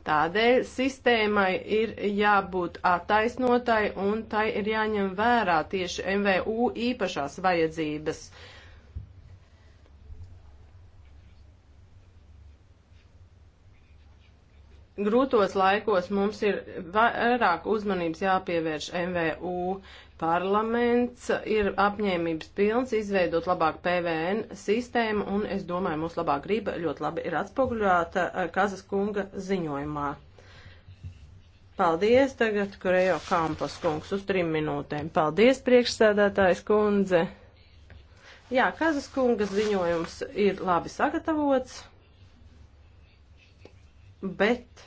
Tādēļ sistēmai ir jābūt attaisnotai un tai ir jāņem vērā tieši MVU īpašās vajadzības. grūtos laikos mums ir vairāk uzmanības jāpievērš MVU. Parlaments ir apņēmības pilns izveidot labāku PVN sistēmu, un es domāju, mūsu labā griba ļoti labi ir atspoguļota eh, Kazas kunga ziņojumā. Paldies, tagad Korejo Kampas kungs uz trim minūtēm. Paldies, priekšsēdētājs kundze. Jā, Kazas kunga ziņojums ir labi sagatavots, bet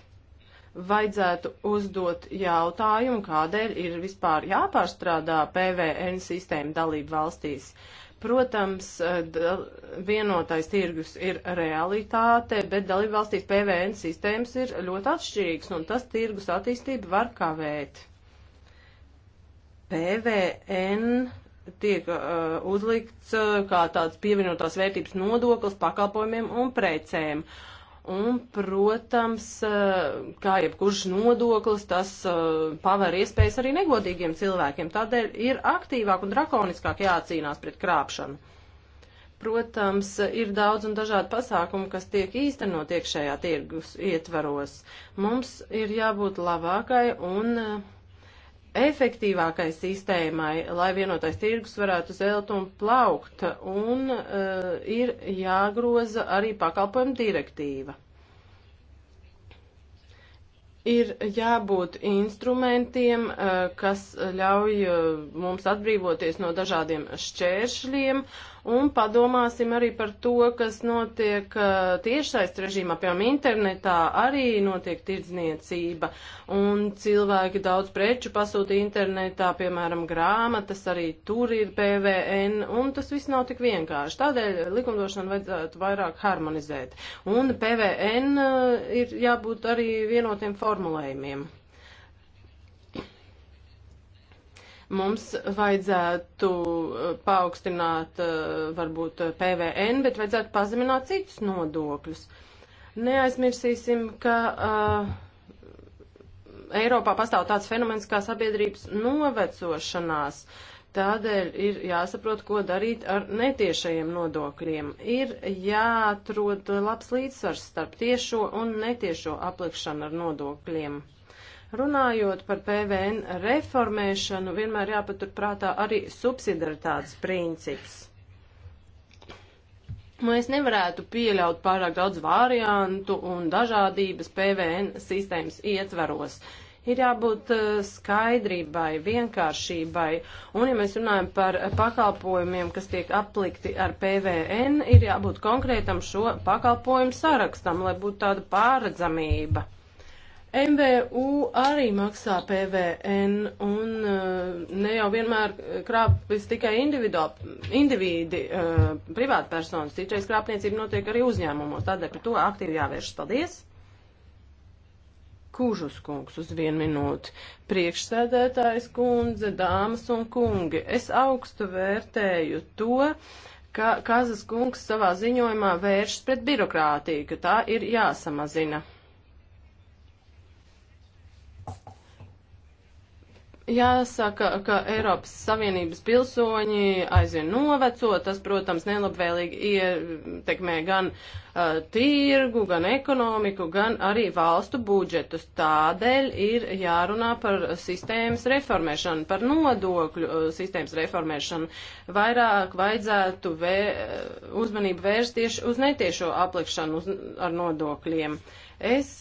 vajadzētu uzdot jautājumu, kādēļ ir vispār jāpārstrādā PVN sistēma dalību valstīs. Protams, eh, vienotais tirgus ir realitāte, bet dalību valstīs PVN sistēmas ir ļoti atšķirīgas, un tas tirgus attīstību var kavēt. PVN tiek uh, uzlikts uh, kā tāds pievienotās vērtības nodoklis pakalpojumiem un precēm. Uh, Un, protams, eh, kā jebkurš nodoklis, tas eh, paver iespējas arī negodīgiem cilvēkiem. Tādēļ ir aktīvāk un drakoniskāk jācīnās pret krāpšanu. Protams, ir daudz un dažādi pasākumi, kas tiek īstenot iekšējā tirgus ietvaros. Mums ir jābūt labākai un uh, efektīvākai sistēmai, lai vienotais tirgus varētu zelt un plaukt, un uh, ir jāgroza arī pakalpojuma direktīva. Ir jābūt instrumentiem, uh, kas ļauj uh, mums atbrīvoties no dažādiem šķēršļiem, uh, un padomāsim arī par to, kas notiek uh, tiešsaist režīmā, piemēram, internetā arī notiek tirdzniecība, un cilvēki daudz preču pasūta internetā, piemēram, grāmatas, arī tur ir PVN, un tas viss nav tik vienkārši. Tādēļ likumdošanu vajadzētu vairāk harmonizēt, un PVN uh, ir jābūt arī vienotiem formulējumiem. Mums vajadzētu eh, paaugstināt eh, varbūt eh, PVN, bet vajadzētu pazemināt citus nodokļus. Neaizmirsīsim, ka uh, Eiropā pastāv tāds fenomens kā sabiedrības novecošanās. Tādēļ ir jāsaprot, ko darīt ar netiešajiem nodokļiem. Ir jāatrod labs līdzsvars starp tiešo un netiešo aplikšanu ar nodokļiem. Runājot par PVN reformēšanu, vienmēr jāpaturprātā arī subsidaritātes princips. Mēs nevarētu pieļaut pārāk daudz variantu un dažādības PVN sistēmas ietveros. Ir jābūt uh, skaidrībai, vienkāršībai, un ja mēs runājam par pakalpojumiem, kas tiek aplikti ar PVN, ir jābūt konkrētam šo pakalpojumu sarakstam, lai būtu tāda pāredzamība. MVU arī maksā PVN un eh, ne jau vienmēr eh, krāpjas tikai individi, eh, privātpersonas, citreiz krāpniecība notiek arī uzņēmumos, tādēļ par to aktīvi jāvēršas. Paldies! Kūžus kungs uz vienu minūti, priekšsēdētājs kundze, dāmas un kungi, es augstu vērtēju to, ka Kazas kungs savā ziņojumā vēršas pret birokrātiju, ka tā ir jāsamazina. Jāsaka, ka Eiropas Savienības pilsoņi aizvien noveco, tas, protams, nelabvēlīgi ietekmē gan uh, tirgu, gan ekonomiku, gan arī valstu budžetus. Tādēļ ir jārunā par sistēmas reformēšanu, par nodokļu uh, sistēmas reformēšanu. Vairāk vajadzētu vē, uzmanību vērst tieši uz netiešo aplikšanu uz, ar nodokļiem. Es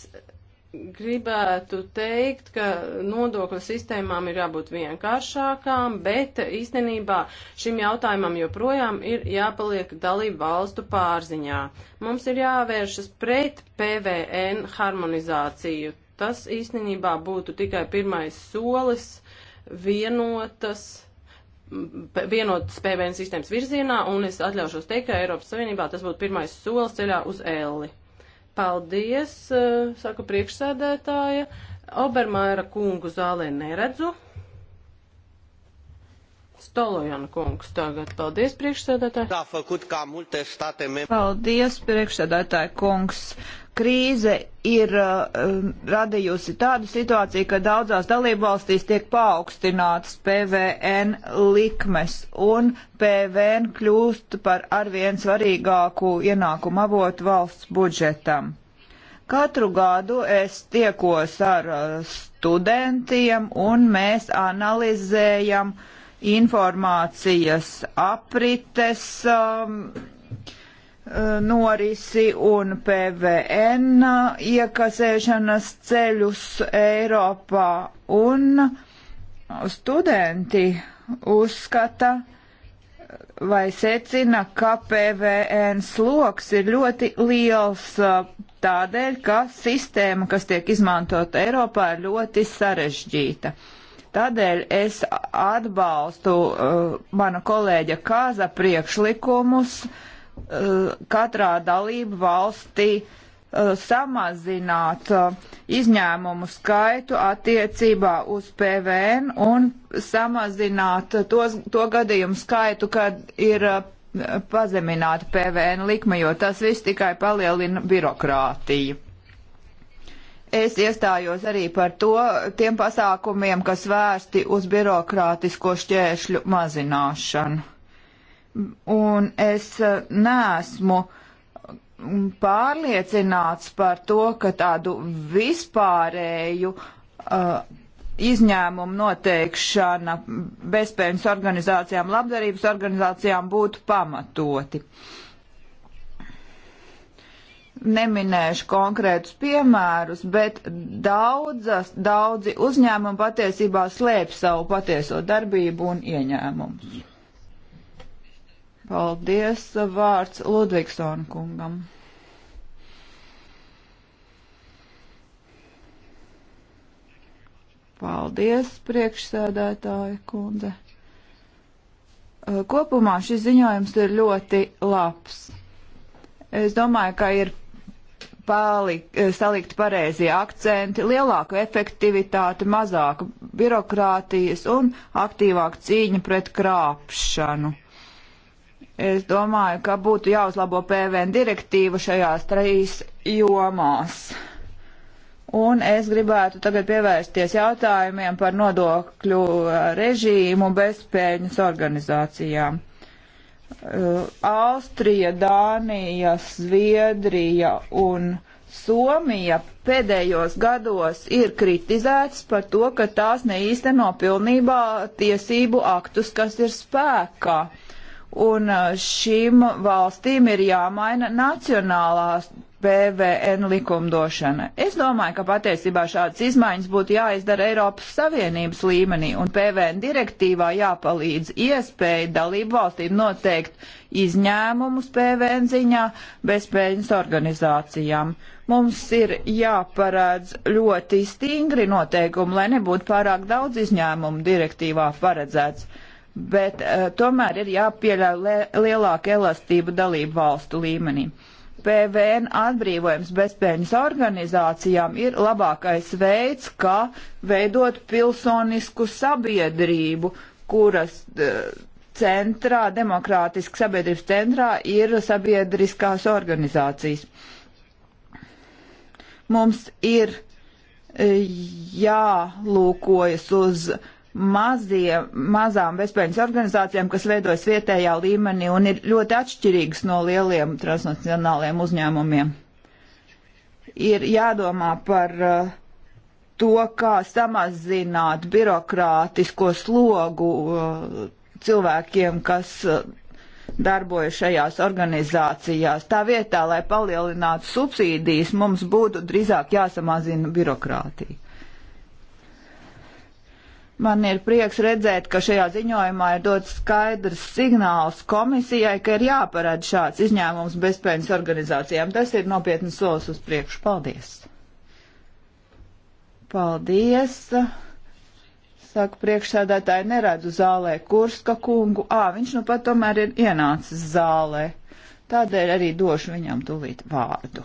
gribētu teikt, ka nodokļu sistēmām ir jābūt vienkāršākām, bet īstenībā šim jautājumam joprojām ir jāpaliek dalību valstu pārziņā. Mums ir jāvēršas pret PVN harmonizāciju. Tas īstenībā būtu tikai pirmais solis vienotas vienotas PVN sistēmas virzienā, un es atļaušos teikt, ka Eiropas Savienībā tas būtu pirmais solis ceļā uz Elli. Paldies, eh, saka priekšsēdētāja. Obermaira kungu zālē neredzu. Stolojana kungs tagad. Paldies, priekšsēdētāji. Paldies, priekšsēdētāji kungs krīze ir uh, um, radījusi tādu situāciju, ka daudzās dalībvalstīs tiek paaugstinātas PVN likmes, un PVN kļūst par arvien svarīgāku ienākumu avotu valsts budžetam. Katru gadu es tiekos ar uh, studentiem, un mēs analizējam informācijas aprites. Um, norisi un PVN iekasēšanas ceļus Eiropā, un studenti uzskata vai secina, ka PVN sloks ir ļoti liels tādēļ, ka sistēma, kas tiek izmantota Eiropā, ir ļoti sarežģīta. Tādēļ es atbalstu uh, mana kolēģa Kāza priekšlikumus uh, Eh, katrā dalību valstī eh, samazināt eh, izņēmumu skaitu attiecībā uz PVN un samazināt tos, to gadījumu skaitu, kad ir pazemināta PVN likme, jo tas viss tikai palielina birokrātiju. Es iestājos arī par to, tiem pasākumiem, kas vērsti uz birokrātisko šķēršļu mazināšanu un es eh, neesmu pārliecināts par to, ka tādu vispārēju uh, izņēmumu noteikšana bezpējas organizācijām, labdarības organizācijām būtu pamatoti. Neminēšu konkrētus piemērus, bet daudzas, daudzi uzņēmumi patiesībā slēp savu patieso darbību un ieņēmumus. Paldies. Vārds Ludvigsona kungam. Paldies, priekšsēdētāja kundze. Kopumā šis ziņojums ir ļoti labs. Es domāju, ka ir palik, salikt pareizie akcenti, lielāku efektivitāti, mazāku birokrātijas un aktīvāku cīņu pret krāpšanu. Es domāju, ka būtu jāuzlabo PVN direktīva šajās trīs jomās. Un es gribētu tagad pievērsties jautājumiem par nodokļu uh, režīmu bezpēļņas organizācijām. Uh, Austrija, Dānija, Zviedrija un Somija pēdējos gados ir kritizēts par to, ka tās neīsteno pilnībā tiesību aktus, kas ir spēkā. Uh, un uh, šīm valstīm ir jāmaina nacionālās PVN likumdošana. Es domāju, ka patiesībā šādas izmaiņas būtu jāizdara Eiropas Savienības līmenī, un PVN direktīvā jāpalīdz iespēja dalību valstīm noteikt izņēmumus PVN ziņā bezpēļņas organizācijām. Mums ir jāparādz ļoti stingri noteikumi, lai nebūtu pārāk daudz izņēmumu direktīvā paredzēts bet uh, tomēr ir jāpieļauj le, lielāka elastība dalību valstu līmenī. PVN atbrīvojums bezpēļņas organizācijām ir labākais veids, kā veidot pilsonisku sabiedrību, kuras uh, centrā, demokrātiski sabiedrības centrā ir sabiedriskās organizācijas. Mums ir uh, jālūkojas uz uh, mazie, mazām bezpēļņas organizācijām, kas veidojas vietējā līmenī un ir ļoti atšķirīgas no lieliem transnacionāliem uzņēmumiem. Ir jādomā par uh, to, kā samazināt birokrātisko slogu uh, cilvēkiem, kas uh, darbojas šajās organizācijās. Tā vietā, lai palielinātu subsīdijas, mums būtu drīzāk jāsamazina birokrātija. Man ir prieks redzēt, ka šajā ziņojumā ir dots skaidrs signāls komisijai, ka ir jāparāda šāds izņēmums bezpējas organizācijām. Tas ir nopietns solis uz priekšu. Paldies! Paldies! Saka priekšsēdētāji, neredzu zālē Kurska kungu. Ā, viņš nu pat tomēr ir ienācis zālē. Tādēļ arī došu viņam tūlīt vārdu.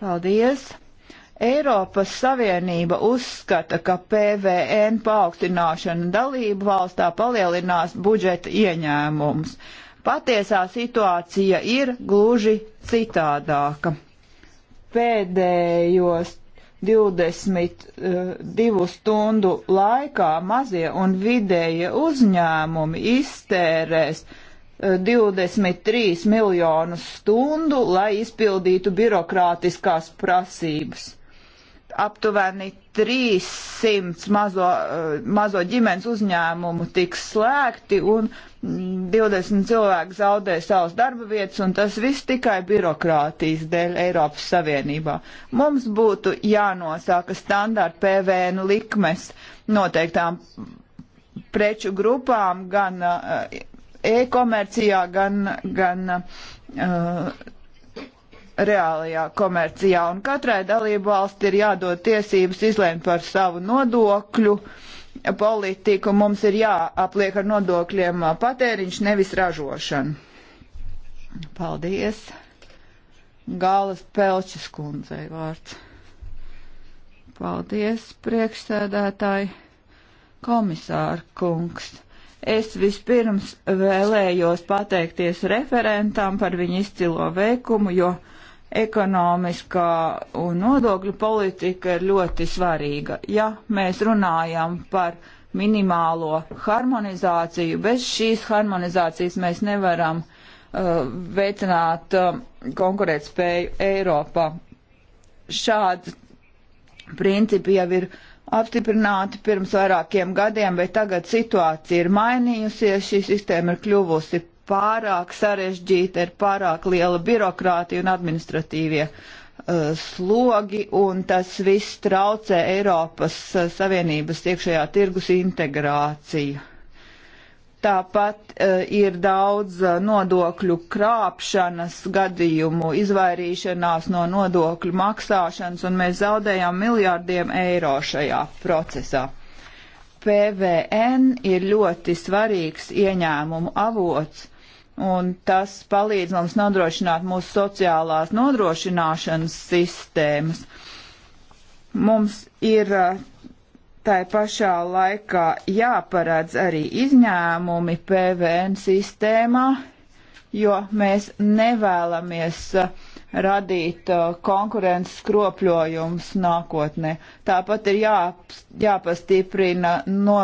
Paldies! Eiropas Savienība uzskata, ka PVN paaugstināšana dalību valstā palielinās budžeta ieņēmumus. Patiesā situācija ir gluži citādāka. Pēdējos 22 eh, stundu laikā mazie un vidējie uzņēmumi iztērēs 23 eh, miljonus stundu, lai izpildītu birokrātiskās prasības aptuveni 300 mazo, eh, mazo ģimenes uzņēmumu tiks slēgti un 20 cilvēki zaudē savas darba vietas, un tas viss tikai birokrātijas dēļ Eiropas Savienībā. Mums būtu jānosaka standārta PVN likmes noteiktām preču grupām gan eh, e-komercijā, gan, gan uh, reālajā komercijā, un katrai dalību valsti ir jādod tiesības izlēmt par savu nodokļu politiku. Mums ir jāapliek ar nodokļiem patēriņš, nevis ražošana. Paldies! Gālas Pelčes kundzei vārds. Paldies, priekšsēdētāji, komisāra kungs. Es vispirms vēlējos pateikties referentam par viņu izcilo veikumu, jo ekonomiskā un nodokļu politika ir ļoti svarīga. Ja mēs runājam par minimālo harmonizāciju, bez šīs harmonizācijas mēs nevaram uh, veicināt uh, konkurētspēju Eiropā. Šādi principi jau ir apstiprināti pirms vairākiem gadiem, bet tagad situācija ir mainījusies, šī sistēma ir kļuvusi pārāk sarežģīta, ir pārāk liela birokrātija un administratīvie uh, slogi, un tas viss traucē Eiropas uh, Savienības iekšējā tirgus integrāciju. Tāpat uh, ir daudz uh, nodokļu krāpšanas gadījumu, izvairīšanās no nodokļu maksāšanas, un mēs zaudējām miljārdiem eiro šajā procesā. PVN ir ļoti svarīgs ieņēmumu avots un tas palīdz mums nodrošināt mūsu sociālās nodrošināšanas sistēmas. Mums ir eh, tai pašā laikā jāparedz arī izņēmumi PVN sistēmā, jo mēs nevēlamies uh, radīt uh, konkurences skropļojums nākotnē. Tāpat ir jā, jāpastiprina no,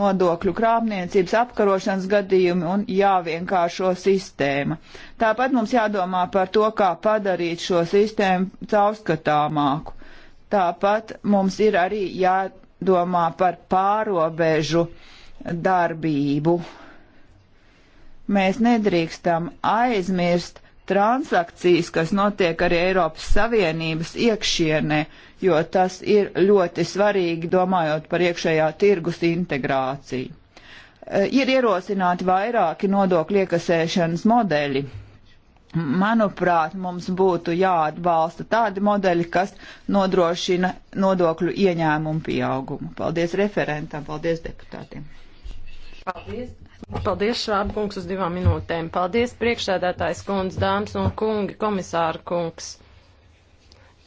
nodokļu krāpniecības apkarošanas gadījumi un jāvienkāršo sistēma. Tāpat mums jādomā par to, kā padarīt šo sistēmu caurskatāmāku. Tāpat mums ir arī jādomā par pārobežu darbību. Mēs nedrīkstam aizmirst, transakcijas, kas notiek arī Eiropas Savienības iekšienē, jo tas ir ļoti svarīgi, domājot par iekšējā tirgus integrāciju. E, ir ierosināti vairāki nodokļu iekasēšanas modeļi. Manuprāt, mums būtu jāatbalsta tādi modeļi, kas nodrošina nodokļu ieņēmumu pieaugumu. Paldies referentam, paldies deputātiem. Paldies. Paldies, Švāba kungs, uz divām minūtēm. Paldies, priekšsēdētājs kundz, dāmas un kungi, komisāra kungs.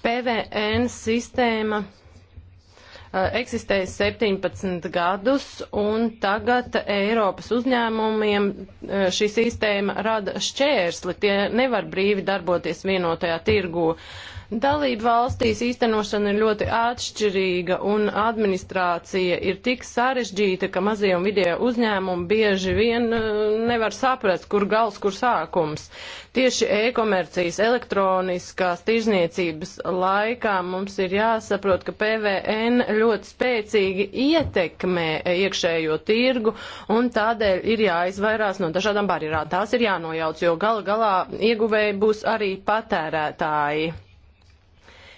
PVN sistēma eh, eksistējis 17 gadus, un tagad Eiropas uzņēmumiem eh, šī sistēma rada šķērsli. Tie nevar brīvi darboties vienotajā tirgū. Uh, Dalība valstīs īstenošana ir ļoti atšķirīga un administrācija ir tik sarežģīta, ka mazie un vidēji uzņēmumi bieži vien eh, nevar saprast, kur gals, kur sākums. Tieši e-komercijas, elektroniskās tirzniecības laikā mums ir jāsaprot, ka PVN ļoti spēcīgi ietekmē iekšējo tirgu un tādēļ ir jāizvairās no dažādām barjerām. Tās ir jānojauc, jo gal galā ieguvēji būs arī patērētāji.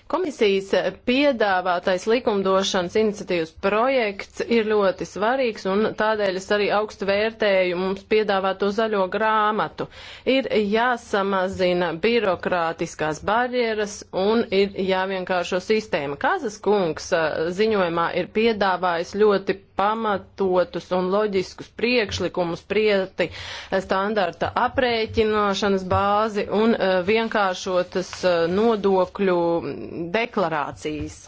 Komisijas piedāvātais likumdošanas iniciatīvas projekts ir ļoti svarīgs un tādēļ es arī augstu vērtēju mums piedāvāto zaļo grāmatu. Ir jāsamazina birokrātiskās barjeras un ir jāvienkāršo sistēma. Kazas kungs ziņojumā ir piedāvājis ļoti pamatotus un loģiskus priekšlikumus prieti standarta aprēķinošanas bāzi un vienkāršotas nodokļu deklarācijas.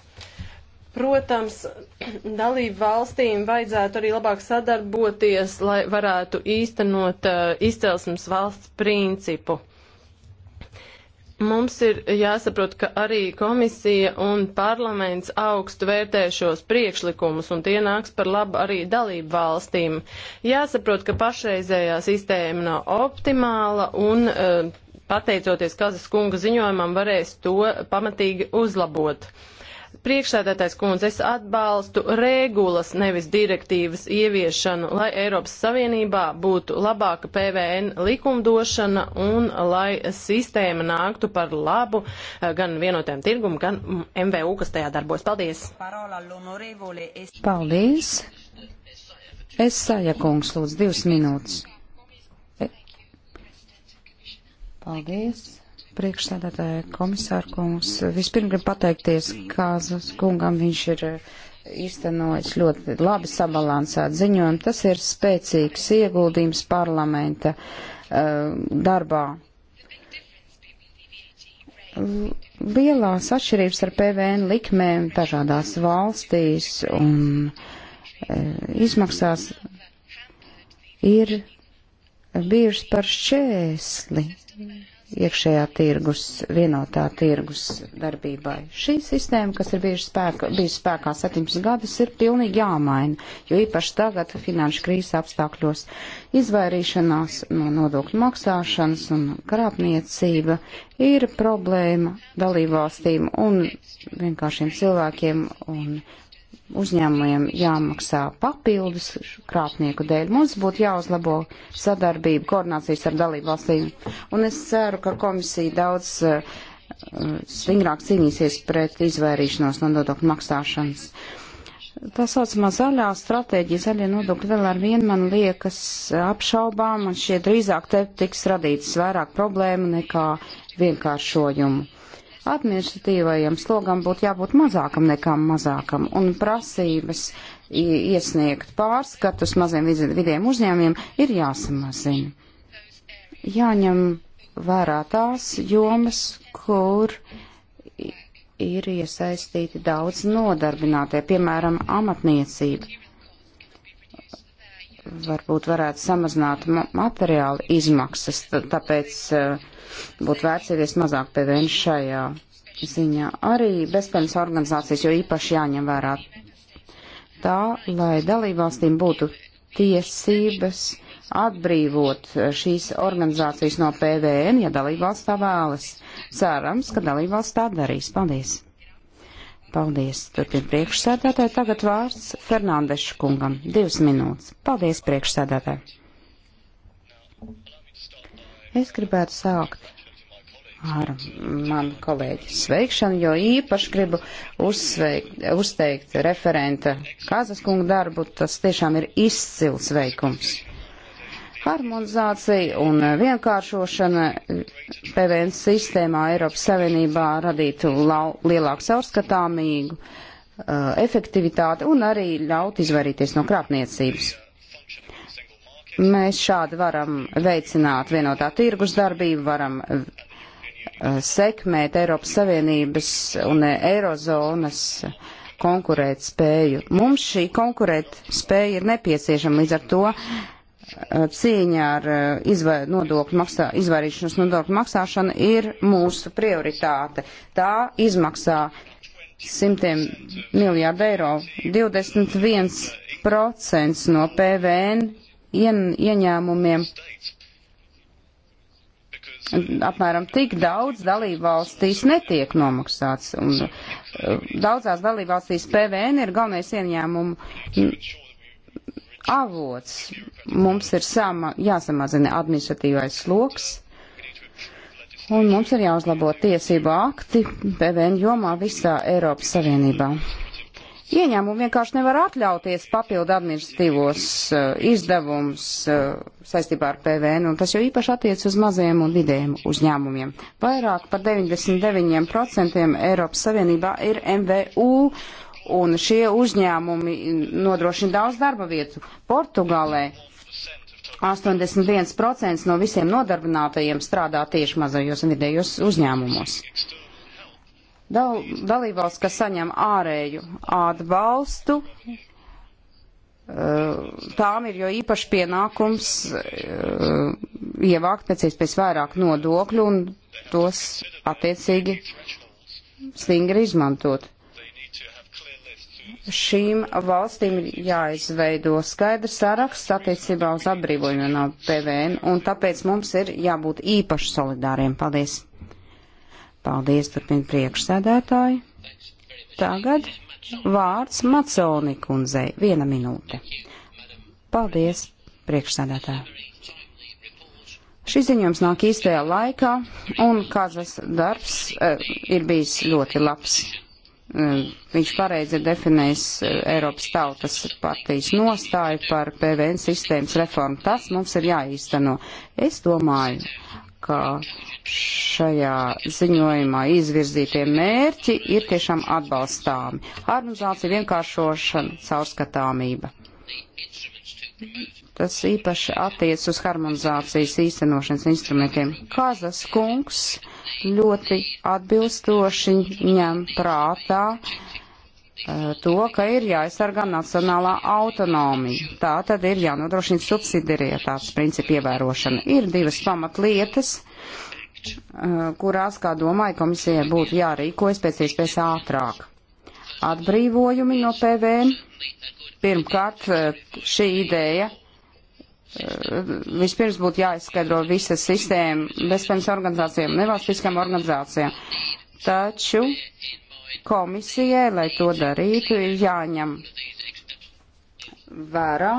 Protams, dalību valstīm vajadzētu arī labāk sadarboties, lai varētu īstenot uh, izcelsmes valsts principu. Mums ir jāsaprot, ka arī komisija un parlaments augstu vērtē šos priekšlikumus, un tie nāks par labu arī dalību valstīm. Jāsaprot, ka pašreizējā sistēma nav optimāla un uh, pateicoties Kazas kunga ziņojumam, varēs to pamatīgi uzlabot. Priekšsēdētais kundze, es atbalstu regulas, nevis direktīvas ieviešanu, lai Eiropas Savienībā būtu labāka PVN likumdošana un lai sistēma nāktu par labu eh, gan vienotēm tirgumu, gan MVU, kas tajā darbojas. Paldies! Paldies! Es sajakungs, lūdzu, divas minūtes. Paldies! Priekšstādātāja komisāra kungs. Vispirms gribu pateikties Kāzas kungam. Viņš ir eh, īstenojis ļoti labi sabalansēt ziņojumu. Tas ir spēcīgs ieguldījums parlamenta uh, darbā. Lielās atšķirības ar PVN likmēm dažādās valstīs un uh, izmaksās ir bijušas par šķēsli iekšējā tirgus, vienotā tirgus darbībai. Šī sistēma, kas ir bijusi spēkā, bijusi spēkā 17 gadus, ir pilnīgi jāmaina, jo īpaši tagad finanšu krīzes apstākļos izvairīšanās no nodokļu maksāšanas un krāpniecība ir problēma dalībvalstīm un vienkāršiem cilvēkiem un uzņēmumiem jāmaksā papildus krāpnieku dēļ. Mums būtu jāuzlabo sadarbība, koordinācijas ar dalību valstīm. Un es ceru, ka komisija daudz uh, stingrāk cīnīsies pret izvairīšanos no nodokļu maksāšanas. Tā saucamā zaļā stratēģija, zaļie nodokļi vēl ar vienu man liekas apšaubām, un šie drīzāk te tiks radītas vairāk problēmu nekā vienkāršojumu administratīvajam slogam būtu jābūt mazākam nekā mazākam, un prasības iesniegt pārskatus maziem vidiem uzņēmiem ir jāsamazina. Jāņem vērā tās jomas, kur ir iesaistīti daudz nodarbinātie, piemēram, amatniecība. Varbūt varētu samazināt materiāla izmaksas, tāpēc uh, būtu vērts ievies mazāk PVN šajā ziņā. Arī bezpējas organizācijas, jo īpaši jāņem vērā tā, lai dalībvalstīm būtu tiesības atbrīvot šīs organizācijas no PVN, ja dalībvalsts tā vēlas. Cerams, ka dalībvalsts tā darīs. Paldies! Paldies! Turpin priekšsēdētāji. Tagad vārds Fernandeša kungam. Divas minūtes. Paldies, priekšsēdētāji! Es gribētu sākt ar manu kolēģi sveikšanu, jo īpaši gribu uzsveikt, uzteikt referenta Kazaskunga darbu. Tas tiešām ir izcils veikums. Harmonizācija un vienkāršošana PVN sistēmā Eiropas Savienībā radītu lau, lielāku saurskatāmīgu, uh, efektivitāti un arī ļaut izvairīties no krāpniecības. Mēs šādi varam veicināt vienotā tirgus darbību, varam eh, sekmēt Eiropas Savienības un Eirozonas konkurēt spēju. Mums šī konkurēt spēja ir nepieciešama līdz ar to eh, cīņa ar eh, izvair, nodokļu maksā, izvairīšanos nodokļu maksāšanu ir mūsu prioritāte. Tā izmaksā simtiem miljārdu eiro, 21% no PVN ien, ieņēmumiem apmēram tik daudz dalībvalstīs netiek nomaksāts. Un, eh, daudzās dalībvalstīs PVN ir galvenais ieņēmumu avots. Mums ir sama, jāsamazina administratīvais sloks. Un mums ir jāuzlabo tiesību akti PVN jomā visā Eiropas Savienībā ieņēmumi vienkārši nevar atļauties papildu administratīvos uh, izdevumus uh, saistībā ar PVN, un tas jau īpaši attiec uz mazajiem un vidējiem uzņēmumiem. Vairāk par 99% Eiropas Savienībā ir MVU, un šie uzņēmumi nodrošina daudz darba vietu. Portugālē 81% no visiem nodarbinātajiem strādā tieši mazajos un vidējos uzņēmumos. Dal, dalībvalsts, kas saņem ārēju atbalstu, eh, tām ir jo īpaši pienākums eh, ievākt pēc iespējas vairāk nodokļu un tos attiecīgi stingri izmantot. Šīm valstīm ir jāizveido skaidrs saraksts attiecībā uz atbrīvojumu no PVN, un tāpēc mums ir jābūt īpaši solidāriem. Paldies! Paldies, turpina priekšsēdētāji. Tagad vārds Maconi kundzei. Viena minūte. Paldies, priekšsēdētāji. Šis ziņojums nāk īstajā laikā, un Kazas darbs uh, ir bijis ļoti labs. Uh, viņš pareizi ir definējis uh, eh, Eiropas tautas partijas nostāju par PVN sistēmas reformu. Tas mums ir jāīsteno. Es domāju, uh, ka šajā ziņojumā izvirzītie mērķi ir tiešām atbalstāmi. Harmonizācija vienkāršošana, caurskatāmība. Tas īpaši attiec uz harmonizācijas īstenošanas instrumentiem. Kazas kungs ļoti atbilstoši ņem prātā uh, Eh, to, ka ir jāaizsargā nacionālā autonomija. Tā tad ir jānodrošina subsidiarietātes principu ievērošana. Ir divas pamatlietas, eh, kurās, kā domāju, komisijai būtu jārīkojas pēc iespējas ātrāk. Atbrīvojumi no PVM. Pirmkārt, eh, šī ideja vispirms būtu jāizskaidro visa sistēma bezpējas organizācijām, nevalstiskām organizācijām. Taču Komisijai, lai to darītu, ir jāņem vērā,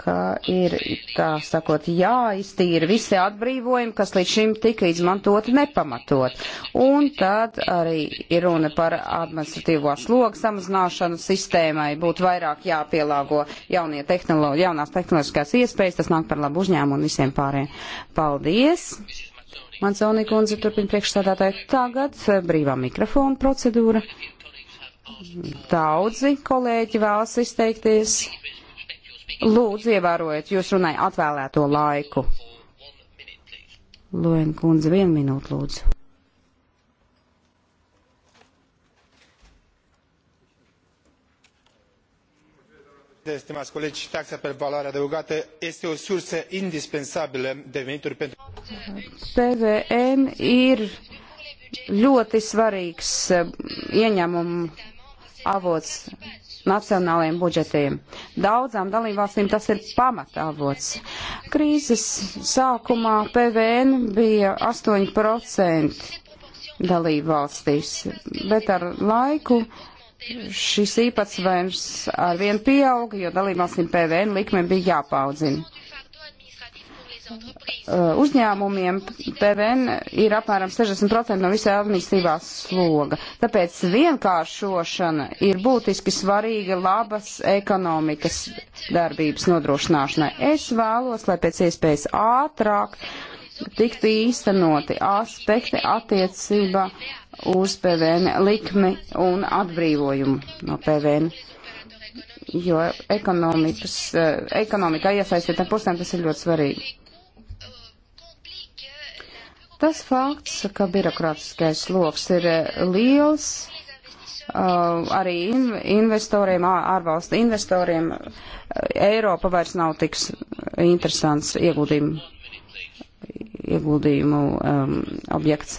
ka ir, tā sakot, jāiztīra visi atbrīvojumi, kas līdz šim tika izmantoti nepamatot. Un tad arī ir runa par administratīvo slogu samazināšanu sistēmai, būtu vairāk jāpielāgo jaunie tehnolo jaunās tehnoloģiskās iespējas, tas nāk par labu uzņēmumu un visiem pārējiem. Paldies! Mancelnī kundze turpina priekšstādātāji. Tagad eh, brīvā mikrofona procedūra. Daudzi kolēģi vēlas izteikties. Lūdzu, ievērojiet jūs runāju atvēlēto laiku. Luen kundze, vienu minūtu lūdzu. președinte, stimați colegi, taxa pe valoare adăugată este o sursă indispensabilă de venituri pentru... PVN ir ļoti svarīgs eh, ieņēmumu avots nacionālajiem budžetiem. Daudzām dalībvalstīm tas ir pamatavots. Krīzes sākumā PVN bija 8% dalībvalstīs, bet ar laiku šis īpatsvars ar vienu pieauga, jo dalībvalstīm PVN likme bija jāpaudzina. Uh, uzņēmumiem PVN ir apmēram 60% no visā administratīvā sloga. Tāpēc vienkāršošana ir būtiski svarīga labas ekonomikas darbības nodrošināšanai. Es vēlos, lai pēc iespējas ātrāk uh, tiktu īstenoti aspekti attiecībā uz PVN likmi un atbrīvojumu no PVN. Jo ekonomikas, eh, ekonomikā iesaistītām pusēm tas ir ļoti svarīgi. Tas fakts, ka birokrātiskais sloks ir eh, liels, Uh, arī in, investoriem, ārvalstu investoriem, uh, Eiropa vairs nav tiks interesants ieguldījumu ieguldījumu um, objekts.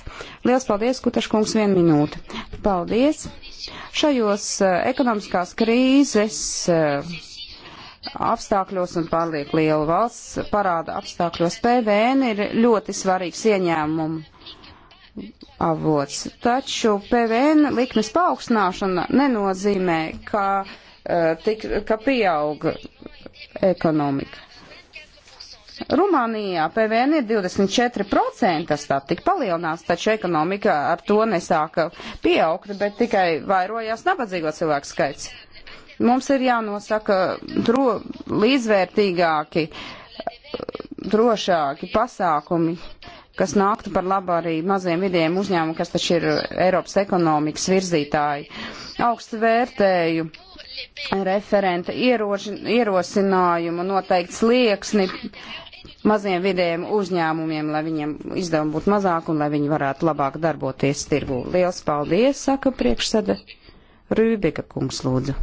Lielas paldies, Kutaškungs, vienu minūti. Paldies! Šajos uh, ekonomiskās krīzes uh, apstākļos un pārlieku lielu valsts parāda apstākļos PVN ir ļoti svarīgs ieņēmumu avots. Taču PVN likmes paaugstināšana nenozīmē, ka, uh, tik, ka pieauga ekonomika. Rumānijā PVN ir 24%, tas tā tik palielinās, taču ekonomika ar to nesāka pieaugt, bet tikai vairojās nabadzīgo cilvēku skaits. Mums ir jānosaka dro, līdzvērtīgāki, drošāki pasākumi, kas nāktu par labu arī maziem vidiem uzņēmumiem, kas taču ir Eiropas ekonomikas virzītāji. Augstu vērtēju referenta ieroši, ierosinājumu noteikti slieksni maziem vidējiem uzņēmumiem, lai viņiem izdevumi būtu mazāk un lai viņi varētu labāk darboties tirgu. Liels paldies, saka priekšsēde Rībika kungs lūdzu.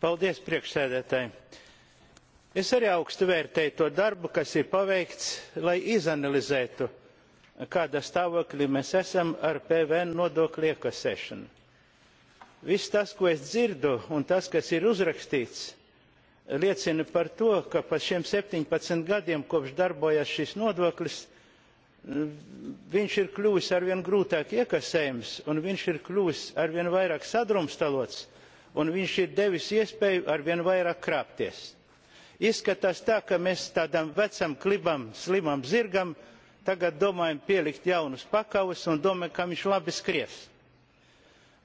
Paldies priekšsēdētāji. Es arī augstu vērtēju to darbu, kas ir paveikts, lai izanalizētu, kādā stāvoklī mēs esam ar PVN nodokļu iekasēšanu. Viss tas, ko es dzirdu, un tas, kas ir uzrakstīts, liecina par to, ka pa šiem 17 gadiem, kopš darbojas šis nodoklis, viņš ir kļuvis arvien grūtāk iekasējams, un viņš ir kļuvis arvien vairāk sadrumstalots, un viņš ir devis iespēju arvien vairāk krāpties. Izskatās tā, ka mēs tādam vecam, klibam, slimam zirgam tagad domājam pielikt jaunus pakavus un domājam, ka viņš labi skries.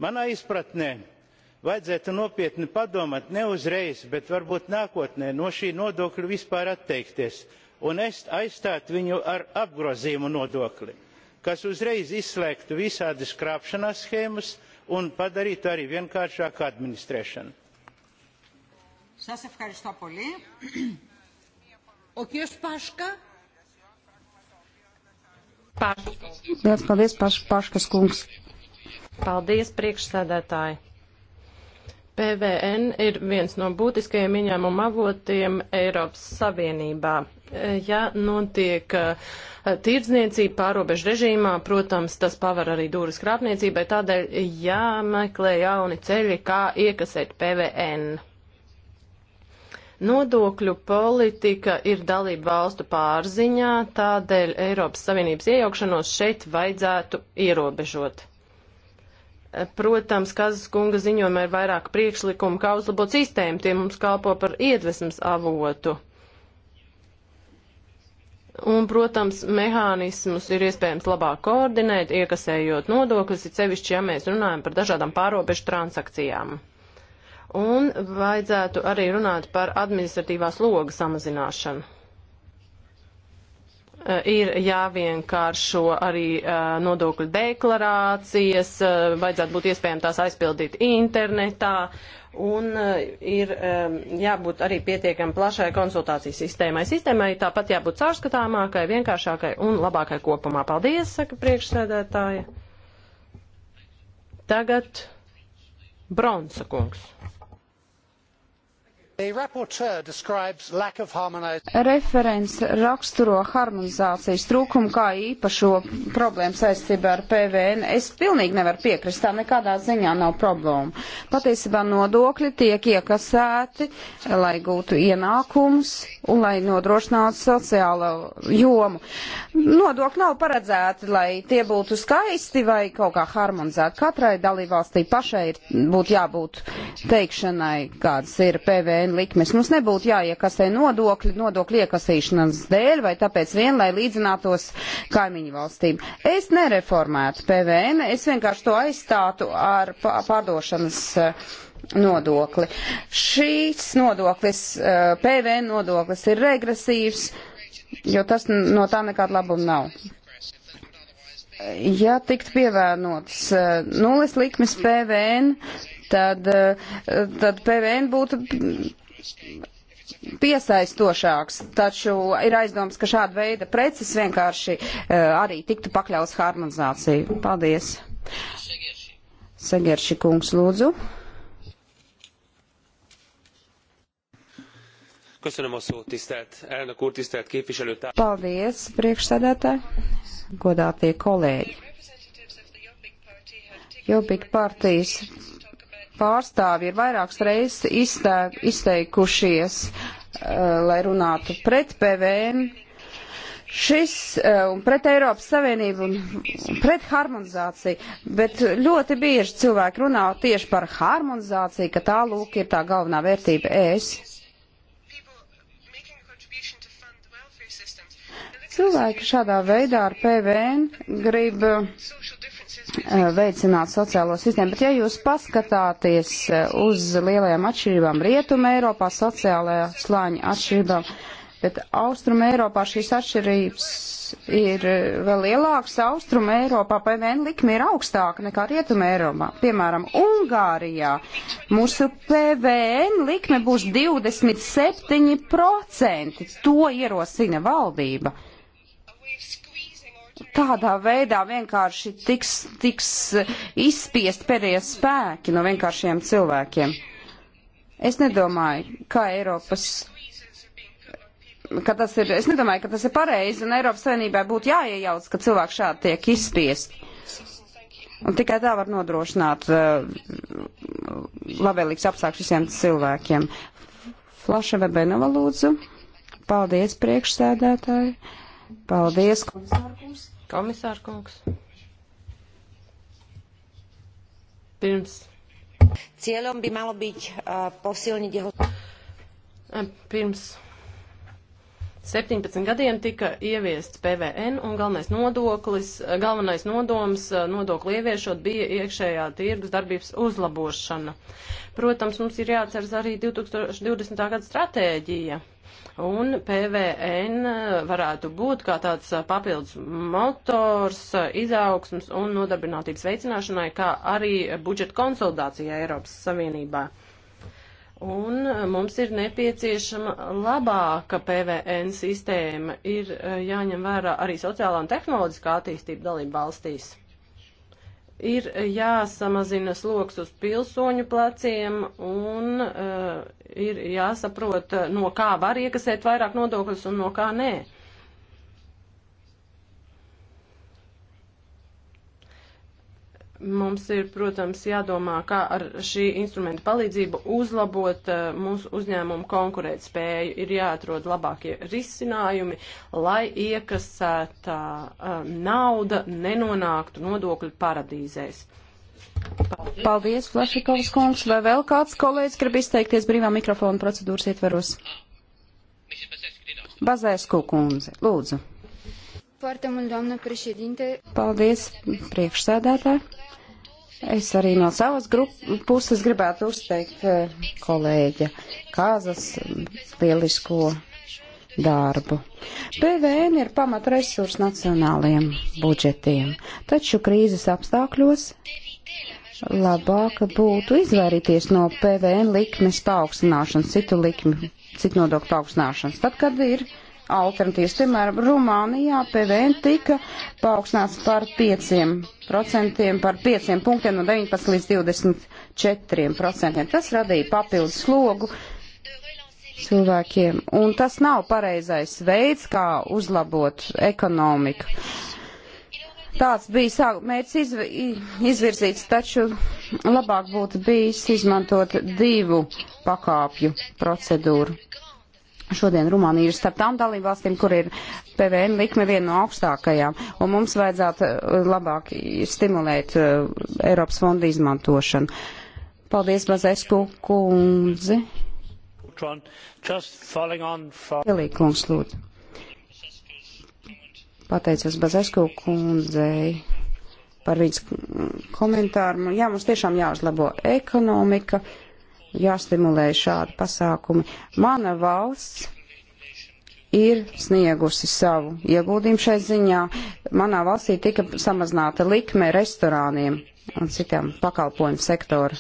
Manā izpratnē vajadzētu nopietni padomāt ne uzreiz bet varbūt nākotnē no šī nodokļa vispār atteikties un aizstāt viņu ar apgrozījuma nodokli kas uzreiz izslēgtu visādas krāpšanās schēmas un padarītu arī vienkāršāku administrēšanu. Σας ευχαριστώ πολύ. Ο κύριος Πάσκα. Liels paldies, Paškas kungs. Paldies, priekšsēdētāji. PVN ir viens no būtiskajiem ieņēmuma avotiem Eiropas Savienībā. Ja notiek eh, tirdzniecība pārobežu režīmā, protams, tas paver arī dūris krāpniecībai, tādēļ jāmeklē jauni ceļi, kā iekasēt PVN. Nodokļu politika ir dalība valstu pārziņā, tādēļ Eiropas Savienības iejaukšanos šeit vajadzētu ierobežot. Protams, Kazas kunga ziņojumā ir vairāk priekšlikumu, kā uzlabot sistēmu, tie mums kalpo par iedvesmas avotu. Un, protams, mehānismus ir iespējams labāk koordinēt, iekasējot nodokļus, it sevišķi, ja mēs runājam par dažādām pārobežu transakcijām. Un vajadzētu arī runāt par administratīvās logas samazināšanu. Eh, ir jāvienkāršo arī eh, nodokļu deklarācijas, eh, vajadzētu būt iespējām tās aizpildīt internetā un ir jābūt arī pietiekami plašai konsultācijas sistēmai. Sistēmai tāpat jābūt caurskatāmākai, vienkāršākai un labākai kopumā. Paldies, saka priekšsēdētāja. Tagad Bronsa kungs. Referents raksturo harmonizācijas trūkumu kā īpašo problēmu saistībā ar PVN. Es pilnīgi nevaru piekrist, tā nekādā ziņā nav problēma. Patiesībā nodokļi tiek iekasēti, lai gūtu ienākumus un lai nodrošinātu sociālo jomu. Nodokļi nav paredzēti, lai tie būtu skaisti vai kaut kā harmonizēti. Katrai dalībvalstī pašai ir, būtu jābūt teikšanai, kādas ir PVN PVN likmes. Mums nebūtu jāiekasē nodokļi, nodokļu iekasīšanas dēļ vai tāpēc vien, lai līdzinātos kaimiņu valstīm. Es nereformētu PVN, es vienkārši to aizstātu ar pārdošanas eh, nodokli. Šīs nodoklis, eh, PVN nodoklis ir regresīvs, jo tas no tā nekāda labuma nav. Ja tikt pievērots eh, nulles likmes PVN, tad, eh, tad PVN būtu piesaistošāks, taču ir aizdoms, ka šāda veida preces vienkārši eh, arī tiktu pakļauts harmonizāciju. Paldies. Segerši kungs, lūdzu. Köszönöm a szót, tisztelt elnök úr, tisztelt képviselőtár. Paldies, priekšsēdētāji, godātie kolēģi. Jobbik partijas pārstāvi ir vairākas reizes iztē, izteikušies, uh, lai runātu pret PVN. Šis uh, un uh, pret Eiropas Savienību un pret harmonizāciju, bet ļoti bieži cilvēki runā tieši par harmonizāciju, ka tā lūk ir tā galvenā vērtība es. Cilvēki šādā veidā ar PVN grib uh, Uh, veicināt sociālo sistēmu. Bet ja jūs paskatāties uh, uz lielajām atšķirībām Rietuma Eiropā, sociālajā slāņa atšķirībām, bet Austruma Eiropā šīs atšķirības ir uh, vēl lielākas. Austruma Eiropā PVN likme ir augstāka nekā Rietuma Eiropā. Piemēram, Ungārijā mūsu PVN likme būs 27%. To ierosina valdība tādā veidā vienkārši tiks, tiks izspiest pēdējie spēki no vienkāršiem cilvēkiem. Es nedomāju, kā Eiropas. Ka tas ir, es nedomāju, ka tas ir pareizi, un Eiropas Savienībai būtu jāiejauc, ka cilvēki šādi tiek izspiesti. Un tikai tā var nodrošināt uh, labvēlīgs apstākļus visiem cilvēkiem. Flaša Vebenova lūdzu. Paldies, priekšsēdētāji. Uh, Paldies, komisārkungs. Komisārkungs. Pirms. Cieľom by malo byť uh, posilniť jeho. E, pirms 17 gadiem tika ieviests PVN un galvenais nodoklis, e, galvenais nodoms nodokli ieviešot bija iekšējā tirgus darbības uzlabošana. Protams, mums ir jāatceras arī 2020. gada stratēģija. Un PVN varētu būt kā tāds papildus motors izaugsmas un nodarbinātības veicināšanai, kā arī budžeta konsolidācijai Eiropas Savienībā. Un mums ir nepieciešama labāka PVN sistēma, ir jāņem vērā arī sociālā un tehnoloģiskā attīstība dalība valstīs ir jāsamazina sloks uz pilsoņu pleciem un uh, ir jāsaprot, no kā var iekasēt vairāk nodokļus un no kā nē. Mums ir, protams, jādomā, kā ar šī instrumenta palīdzību uzlabot eh, mūsu uzņēmumu konkurētspēju. Ir jāatrod labākie risinājumi, lai iekasētā eh, nauda nenonāktu nodokļu paradīzēs. Paldies, Paldies Flešikovs kungs. Vai vēl kāds kolēģis grib izteikties brīvā mikrofona procedūras ietveros? Bazēsku kundze, lūdzu foarte mult, doamnă președinte. Paldies, priekšsēdētāji. Es arī no savas grup, puses gribētu uzteikt eh, kolēģa Kāzas lielisko darbu. PVN ir pamatresurs nacionālajiem budžetiem, taču krīzes apstākļos labāk būtu izvairīties no PVN likmes paaugstināšanas, citu likmi, citu nodokļu paaugstināšanas, tad, kad ir uh, alternatīvas. Piemēram, Rumānijā PVN tika paaugstināts par 5%, par 5 punktiem no 19 līdz 24%. Tas radīja papildus slogu cilvēkiem, un tas nav pareizais veids, kā uzlabot ekonomiku. Tāds bija sāk, mērķis izv izvirzīts, taču labāk būtu bijis izmantot divu pakāpju procedūru Šodien Rumānija ir starp tām dalībvalstīm, kur ir PVN likme viena no augstākajām, un mums vajadzētu eh, labāk stimulēt uh, Eiropas fonda izmantošanu. Paldies, Bazesku kundzi. Pilī kungs lūdzu. Pateicos Bazesku kundzei par viņas komentāru. Jā, mums tiešām jāuzlabo ekonomika. Uh, jāstimulē šādi pasākumi. Mana valsts ir sniegusi savu ieguldījumu šai ziņā. Manā valstī tika samazināta likme restorāniem un citām pakalpojumu sektoru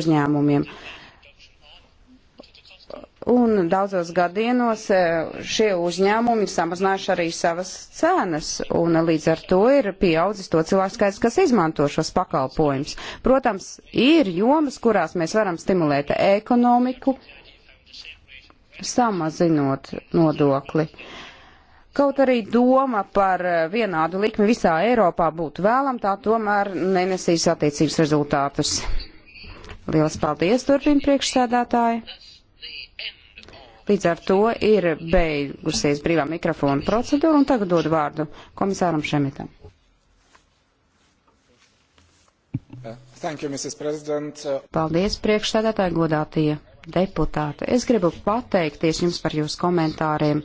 uzņēmumiem. Uh, Un daudzos gadienos e, šie uzņēmumi ir samazinājuši arī savas cenas, un līdz ar to ir pieaudzis to cilvēku skaits, kas izmanto šos pakalpojumus. Protams, ir jomas, kurās mēs varam stimulēt ekonomiku, samazinot nodokli. Kaut arī doma par e, vienādu likmi visā Eiropā būtu vēlam, tā tomēr nenesīs attiecības rezultātus. Lielas paldies, turpina priekšsēdētāji! Līdz ar to ir beigusies brīvā mikrofona procedūra un tagad dod vārdu komisāram Šemitam. Thank you, Mrs. President. Paldies, priekšstādātāji godātie deputāti. Es gribu pateikties jums par jūsu komentāriem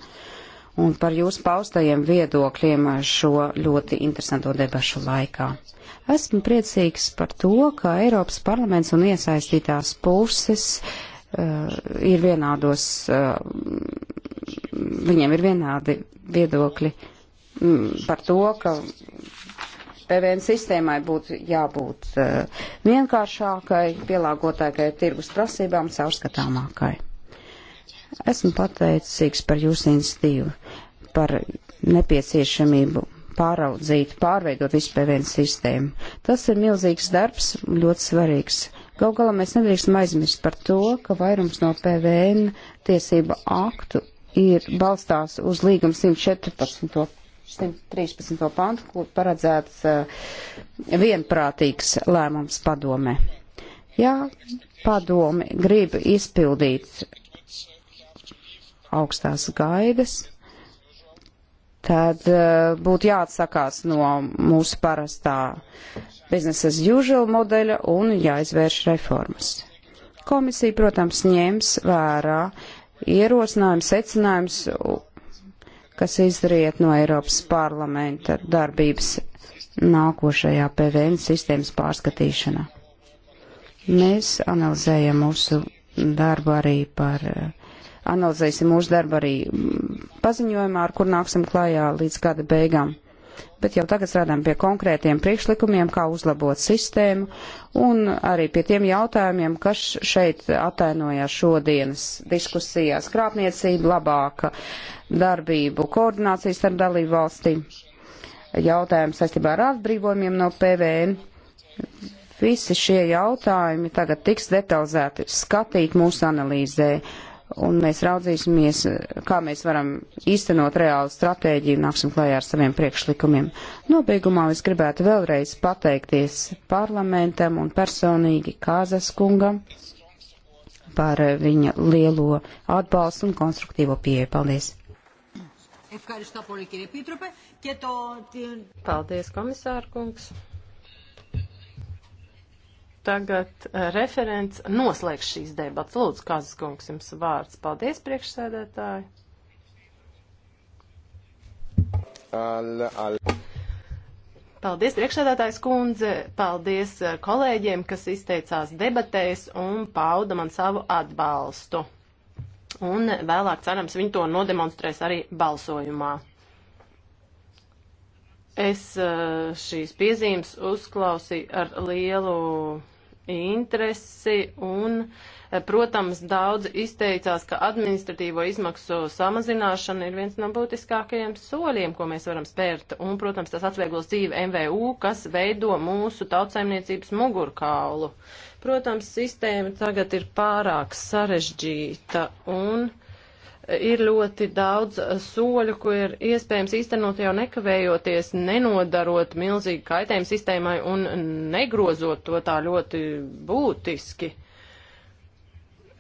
un par jūsu paustajiem viedokļiem šo ļoti interesanto debašu laikā. Esmu priecīgs par to, ka Eiropas parlaments un iesaistītās puses uh, Eh, ir vienādos, eh, viņiem ir vienādi viedokļi mm, par to, ka PVN sistēmai būtu jābūt eh, vienkāršākai, pielāgotākai tirgus prasībām, caurskatāmākai. Esmu pateicīgs par jūsu institīvu, par nepieciešamību pāraudzīt, pārveidot visu PVN sistēmu. Tas ir milzīgs darbs, ļoti svarīgs Gal galā mēs nedrīkstam aizmirst par to, ka vairums no PVN tiesība aktu ir balstās uz līgumu 114. 113. pantu, kur paredzēts uh, vienprātīgs lēmums padomē. Ja padome grib izpildīt augstās gaidas, tad uh, būtu jāatsakās no mūsu parastā business as usual modeļa un jāizvērš reformas. Komisija, protams, ņems vērā ierosinājums, secinājums, kas izriet no Eiropas parlamenta darbības nākošajā PVN sistēmas pārskatīšanā. Mēs analizējam mūsu darbu arī par, analizēsim mūsu darbu arī paziņojumā, ar kur nāksim klājā līdz gada beigām bet jau tagad strādājam pie konkrētiem priekšlikumiem, kā uzlabot sistēmu un arī pie tiem jautājumiem, kas šeit atainojās šodienas diskusijās - krāpniecība, labāka darbību koordinācijas starp dalību valstīm, jautājums saistībā ar atbrīvojumiem no PVN. Visi šie jautājumi tagad tiks detalizēti skatīt mūsu analīzē un mēs raudzīsimies, kā mēs varam īstenot reālu stratēģiju un nāksim klajā ar saviem priekšlikumiem. Nobeigumā es gribētu vēlreiz pateikties parlamentam un personīgi Kāzas kungam par viņa lielo atbalstu un konstruktīvo pieeju. Paldies! Paldies, komisārkungs! Tagad eh, referents noslēgs šīs debats. Lūdzu, Kazaskungs, jums vārds. Paldies, priekšsēdētāji. Al, al. Paldies, priekšsēdētājs kundze, paldies eh, kolēģiem, kas izteicās debatēs un pauda man savu atbalstu. Un vēlāk, cerams, viņi to nodemonstrēs arī balsojumā. Es eh, šīs piezīmes uzklausīju ar lielu interesi un, eh, protams, daudz izteicās, ka administratīvo izmaksu samazināšana ir viens no būtiskākajiem soļiem, ko mēs varam spērt. Un, protams, tas atvieglos dzīvi MVU, kas veido mūsu tautsaimniecības mugurkaulu. Protams, sistēma tagad ir pārāk sarežģīta un ir ļoti daudz eh, soļu, ko ir iespējams īstenot jau nekavējoties, nenodarot milzīgu kaitējumu sistēmai un negrozot to tā ļoti būtiski.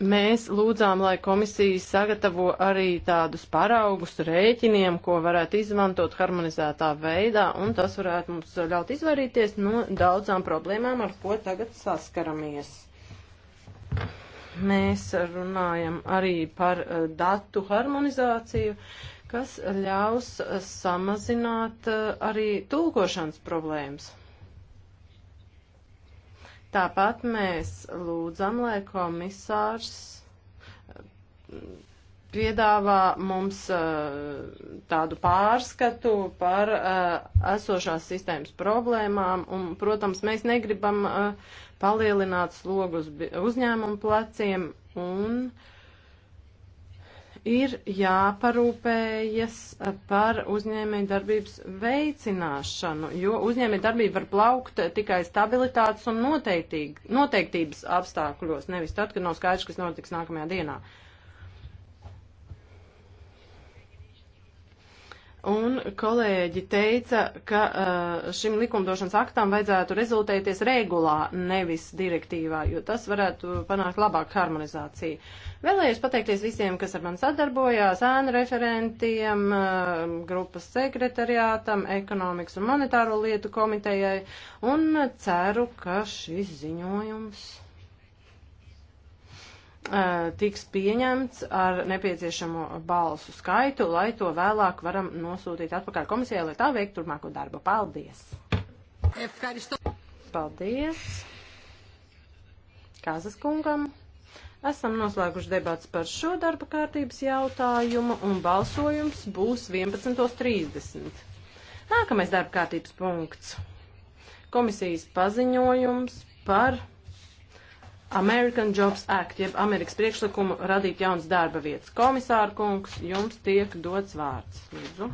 Mēs lūdzām, lai komisija sagatavo arī tādus paraugus rēķiniem, ko varētu izmantot harmonizētā veidā, un tas varētu mums ļaut izvairīties no daudzām problēmām, ar ko tagad saskaramies. Mēs runājam arī par e, datu harmonizāciju, kas ļaus e, samazināt e, arī tulkošanas problēmas. Tāpat mēs lūdzam, lai komisārs piedāvā mums uh, tādu pārskatu par uh, esošās sistēmas problēmām, un, protams, mēs negribam uh, palielināt slogus uzņēmumu pleciem, un ir jāparūpējas par uzņēmēju darbības veicināšanu, jo uzņēmēju darbība var plaukt tikai stabilitātes un noteiktības apstākļos, nevis tad, kad nav skaidrs, kas notiks nākamajā dienā. Uh, Un kolēģi teica, ka uh, šim likumdošanas aktam vajadzētu rezultēties regulā, nevis direktīvā, jo tas varētu panākt labāku harmonizāciju. Vēlējos pateikties visiem, kas ar mani sadarbojās, ēnu referentiem, uh, grupas sekretariātam, ekonomikas un monetāro lietu komitejai, un ceru, ka šis ziņojums tiks pieņemts ar nepieciešamo balsu skaitu, lai to vēlāk varam nosūtīt atpakaļ komisijai, lai tā veiktu turpmāko darbu. Paldies! Paldies! Kāzas kungam! Esam noslēguši debats par šo darba kārtības jautājumu, un balsojums būs 11.30. Nākamais darba kārtības punkts. Komisijas paziņojums par American Jobs Act, jeb Amerikas priekšlikumu radīt jaunas darba vietas. Komisāra kungs, jums tiek dots vārds. Lūdzu.